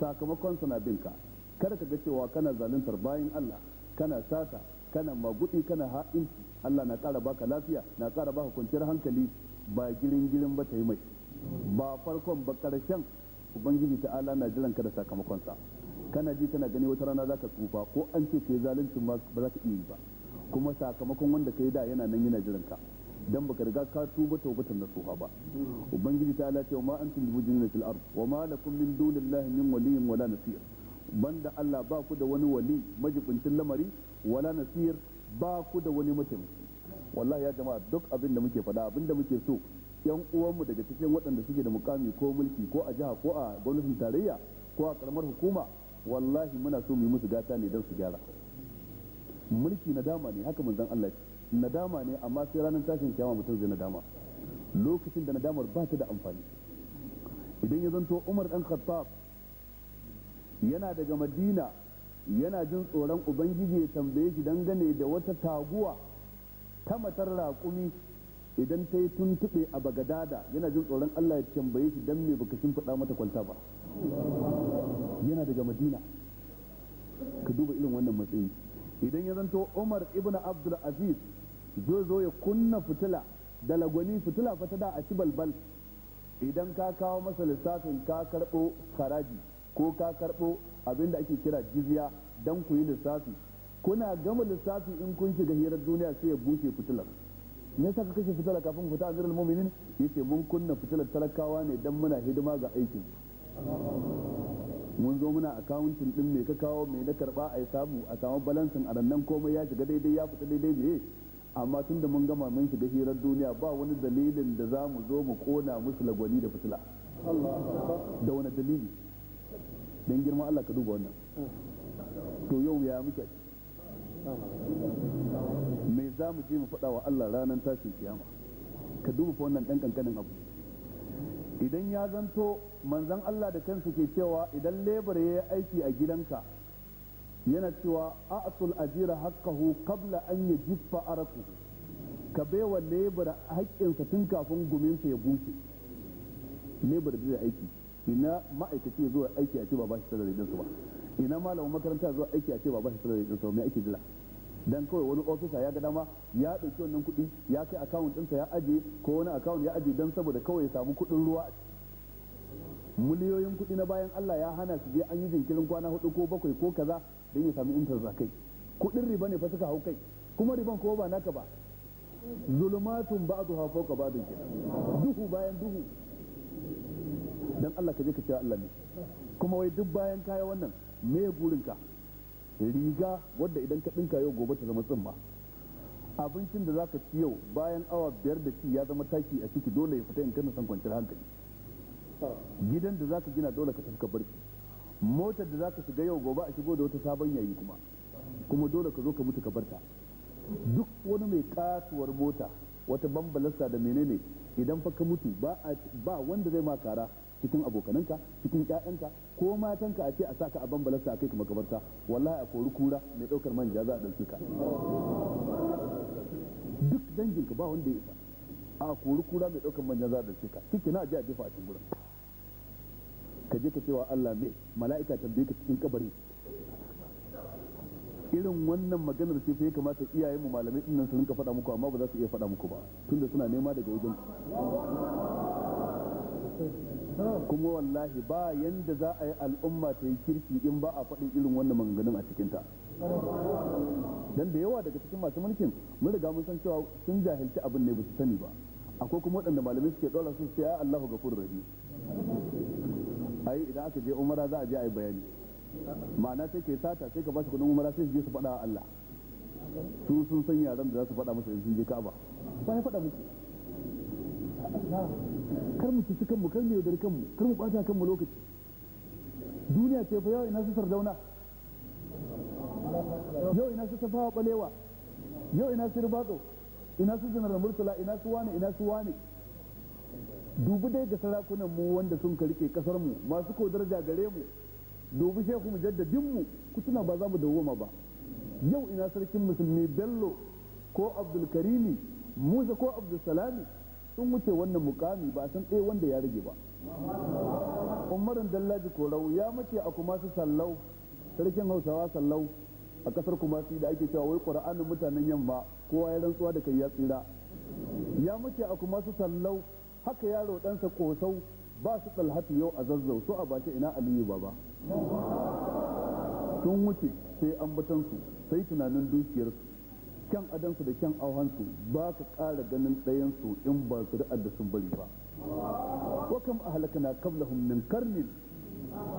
[SPEAKER 1] sakamakonsa na binka kada ka ga cewa kana zaluntar bayan Allah kana sata kana magudi kana ha'inci Allah na ƙara baka lafiya na ƙara baka kwanciyar hankali ba girin girin ba ta yi mai ba farkon ba ƙarshen ubangiji ta'ala na jiran ka da sakamakonsa kana ji kana gani wata rana zaka tsufa ko an ce kai zaluncin ma ba za ka iya yi ba kuma sakamakon wanda kai da yana nan yana jiran ka dan baka riga ka tuba tawbatan nasuha ba ubangiji ta ala ce ma antum bujinna fil ard wa ma lakum min dunillahi min waliyyin wala nasir banda Allah ba ku da wani wali majibincin lamari wala nasir ba ku da wani mataimaki wallahi ya jama'a duk abin da muke faɗa abin da muke so yan uwanmu daga cikin waɗanda suke da mukami ko mulki ko a jiha ko a gwamnatin tarayya ko a karamar hukuma wallahi muna so mu musu gata ne don su gyara mulki nadama ne haka manzon Allah ce nadama ne amma sai ranar tashin kiyama mutum zai dama, lokacin da nadamar ba ta da amfani idan ya zanto Umar dan Khattab yana daga Madina yana jin tsoron ubangiji ya tambaye shi dangane da wata taguwa ta matar raƙumi idan ta yi tuntuɓe a bagadada yana jin tsoron Allah ya tambaye shi don me baka shimfiɗa mata kwanta ba yana daga madina ka duba irin wannan matsayi idan ya zanto umar ibn abdul aziz zo zo ya kunna fitila da lagwani fitila fata da a ci balbal idan ka kawo masa lissafin ka karɓo haraji ko ka karɓo abin da ake kira jiziya don ku yi lissafi kuna gama lissafi in kun shiga hirar duniya sai ya bushe fitilar me yasa ka kashe fitilar kafin fita amirul mu'minin ce mun kunna fitilar talakawa ne dan muna hidima ga aikin su mun zo muna akawuntin din me ka kawo me na karba a samu a samu balansin a nan komai ya shiga daidai ya fita daidai me amma tun da mun gama mun shiga hirar duniya ba wani dalilin da za mu zo mu kona musu lagwani da fitila da wani dalili don girma Allah ka duba wannan to yau ya muke me za mu je mu faɗa wa Allah ranar tashin kiyama ka duba fa wannan ɗan kankanin abu idan ya zanto manzan Allah da kansa ke cewa idan lebar ya yi aiki a gidanka yana cewa asul ajira haqqahu qabla an a arquhu ka baiwa lebar haƙƙinsa tun kafin guminsa ya bushe lebar da zai aiki ina ma'aikaci zuwa aiki a ce ba ba shi salari ba ina malamin makaranta zuwa aiki a ce ba ba shi salari ba me ake jira dan kawai wani ofisa ya ga dama ya ɗauki wannan kuɗi ya kai akawun ɗinsa ya aje ko wani akawun ya aje dan saboda kawai ya samu kuɗin ruwa miliyoyin kuɗi na bayan Allah ya hana su je an yi jinkirin kwana hudu ko bakwai ko kaza don ya sami intar kai. kuɗin riba ne fa suka hau kai kuma riban ko ba naka ba zulumatun ba'duha ba ba'din kenan duhu bayan duhu dan Allah ka je ka cewa Allah ne kuma wai duk bayan kaya wannan me ka. riga wadda idan ka ɗinka yau gobe ta zama tsumma abincin da za ka ci yau bayan awa biyar da ci ya zama taki a ciki dole ya fita in kana son kwanciyar hankali gidan da zaka gina dole ka tafka barci motar da zaka shiga yau gobe a shigo da wata sabon yayi kuma kuma dole ka zo ka mutu ka barta duk wani mai kasuwar mota wata bambalasta da menene idan fa ka mutu ba wanda zai ma kara cikin abokananka cikin ƴaƴanka ko matanka a ce a saka a bambalasta a kai ka makabarta wallahi a kori kura mai ɗaukar manja za a ɗauke ka duk danginka ba wanda ya isa a kori kura mai ɗaukar manja za a ɗauke ka cikin na je a jefa a cikin gurin ka je ka cewa Allah me mala'ika tambaye ka cikin kabari irin wannan maganar ce sai kamata iyayen mu malamai dinnan nan su rinka faɗa muku amma ba za su iya faɗa muku ba tunda suna nema daga wajen kuma wallahi ba yanda za a yi al'umma ta yi kirki in ba a faɗin irin wannan maganganun a cikinta dan da yawa daga cikin masu mulkin mun riga mun san cewa sun jahilci abin ne ba su sani ba akwai kuma waɗanda malamai suke ɗora su sai ya Allahu gafur rahim ai idan aka je umara za a je a yi bayani ma'ana sai kai sata sai ka ba shi kuɗin umara sai su je su faɗa wa Allah su sun san yaran da za su faɗa masa in sun je ba ya faɗa musu kar mu cici kanmu kar mu yaudari kanmu kar mu bata kanmu lokaci duniya ce fa yau ina su sardauna yau ina su tafawa balewa yau ina su ribato ina su janar murtala ina su wane ina su wane dubu dai ga sarakunan mu wanda sun karike kasar mu masu ko daraja gare mu dubu shehu jaddadin mu kutuna ba za mu dawoma ba yau ina sarkin musulmi bello ko abdulkarimi musa ko abdulsalami sun wuce wannan mukami ba san ɗaya wanda ya rage ba umarin dallaji korau ya mace a kuma su sallau sarkin hausawa sallau a kasar kumasi da ake cewa wai ƙura'anin mutanen yamma kowa ya rantsuwa da kai ya tsira ya mace a kuma su sallau haka yaro ɗansa ƙosau ba su ɗalhatu yau a zazzau so a bashi ina aliyu ba ba sun wuce sai an batansu sai tunanin dukiyarsu kyan adansu da kyan auhansu ba ka ƙara ganin ɗayansu in ba su da sun bari ba wa kam ahlakana qablahum min qarnin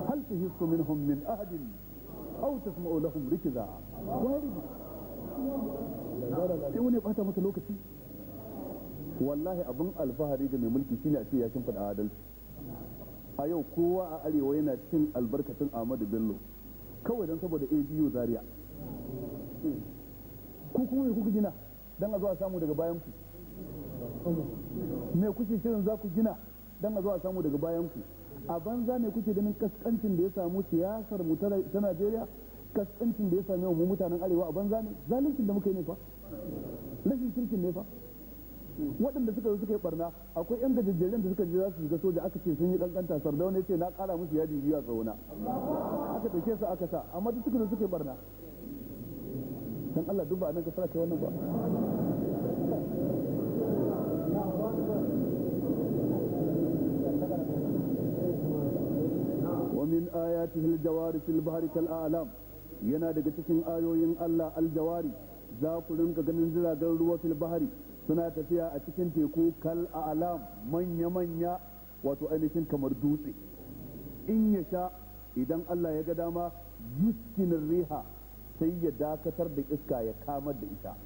[SPEAKER 1] hal tuhissu minhum min ahadin aw tasma'u lahum rikza sai wani bata masa lokaci wallahi abin alfahari ga mai mulki shine a ce ya shimfida adalci a yau kowa a arewa yana cin albarkacin Ahmadu Bello kawai don saboda ABU Zaria ku kuma me kuka gina dan a zo a samu daga bayan ku me kuke shirin za ku gina dan a zo a samu daga bayan ku a banza ne kuke ganin kaskancin da ya samu siyasar mu ta Najeriya kaskancin da ya same mu mutanen arewa a banza ne zalincin da muka yi ne fa rashin kirkin ne fa waɗanda suka zo suka yi barna akwai yan gajejjerin da suka je za su shiga soja aka ce sun yi kankanta sardauna ya ce na kara musu yadi biyu a tsawona aka ɗauke su aka sa amma duk suka zo suka yi barna dan Allah duba nan ka fara kai wannan ba ومن آياته الجوار في البحر كالأعلام yana daga cikin ayoyin Allah aljawari za ku rinka ganin jiragen ruwa fil bahari suna tafiya a cikin teku kal alam manya-manya wato ainihin kamar dutse in ya sha idan Allah ya ga dama yuskinar riha sai ya dakatar da iska ya kamar da ita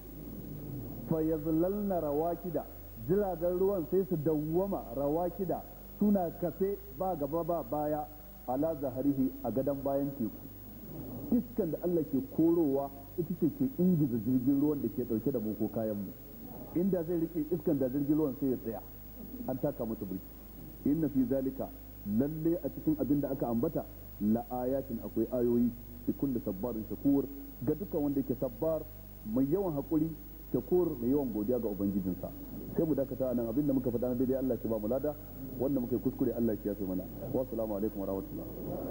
[SPEAKER 1] fa rawa rawakida jiragen ruwan sai su dawwama rawakida suna kase ba gaba ba baya ala zaharihi a gadon bayan teku iskan da Allah ke korowa ita ce ke ingiza jirgin ruwan da ke dauke da mu ko kayan mu inda zai rike iskan da jirgin ruwan sai ya tsaya an taka masa burki inna fi zalika lalle a cikin abin da aka ambata la ayatin akwai ayoyi li kulli sabbarin shakur ga duka wanda yake sabbar mai yawan hakuri shakur mai yawan godiya ga ubangijinsa sai mu dakata nan abin da muka faɗa na daidai Allah ya ba mu lada wanda muka yi kuskure Allah ya kiyaye mana wa assalamu alaikum wa rahmatullah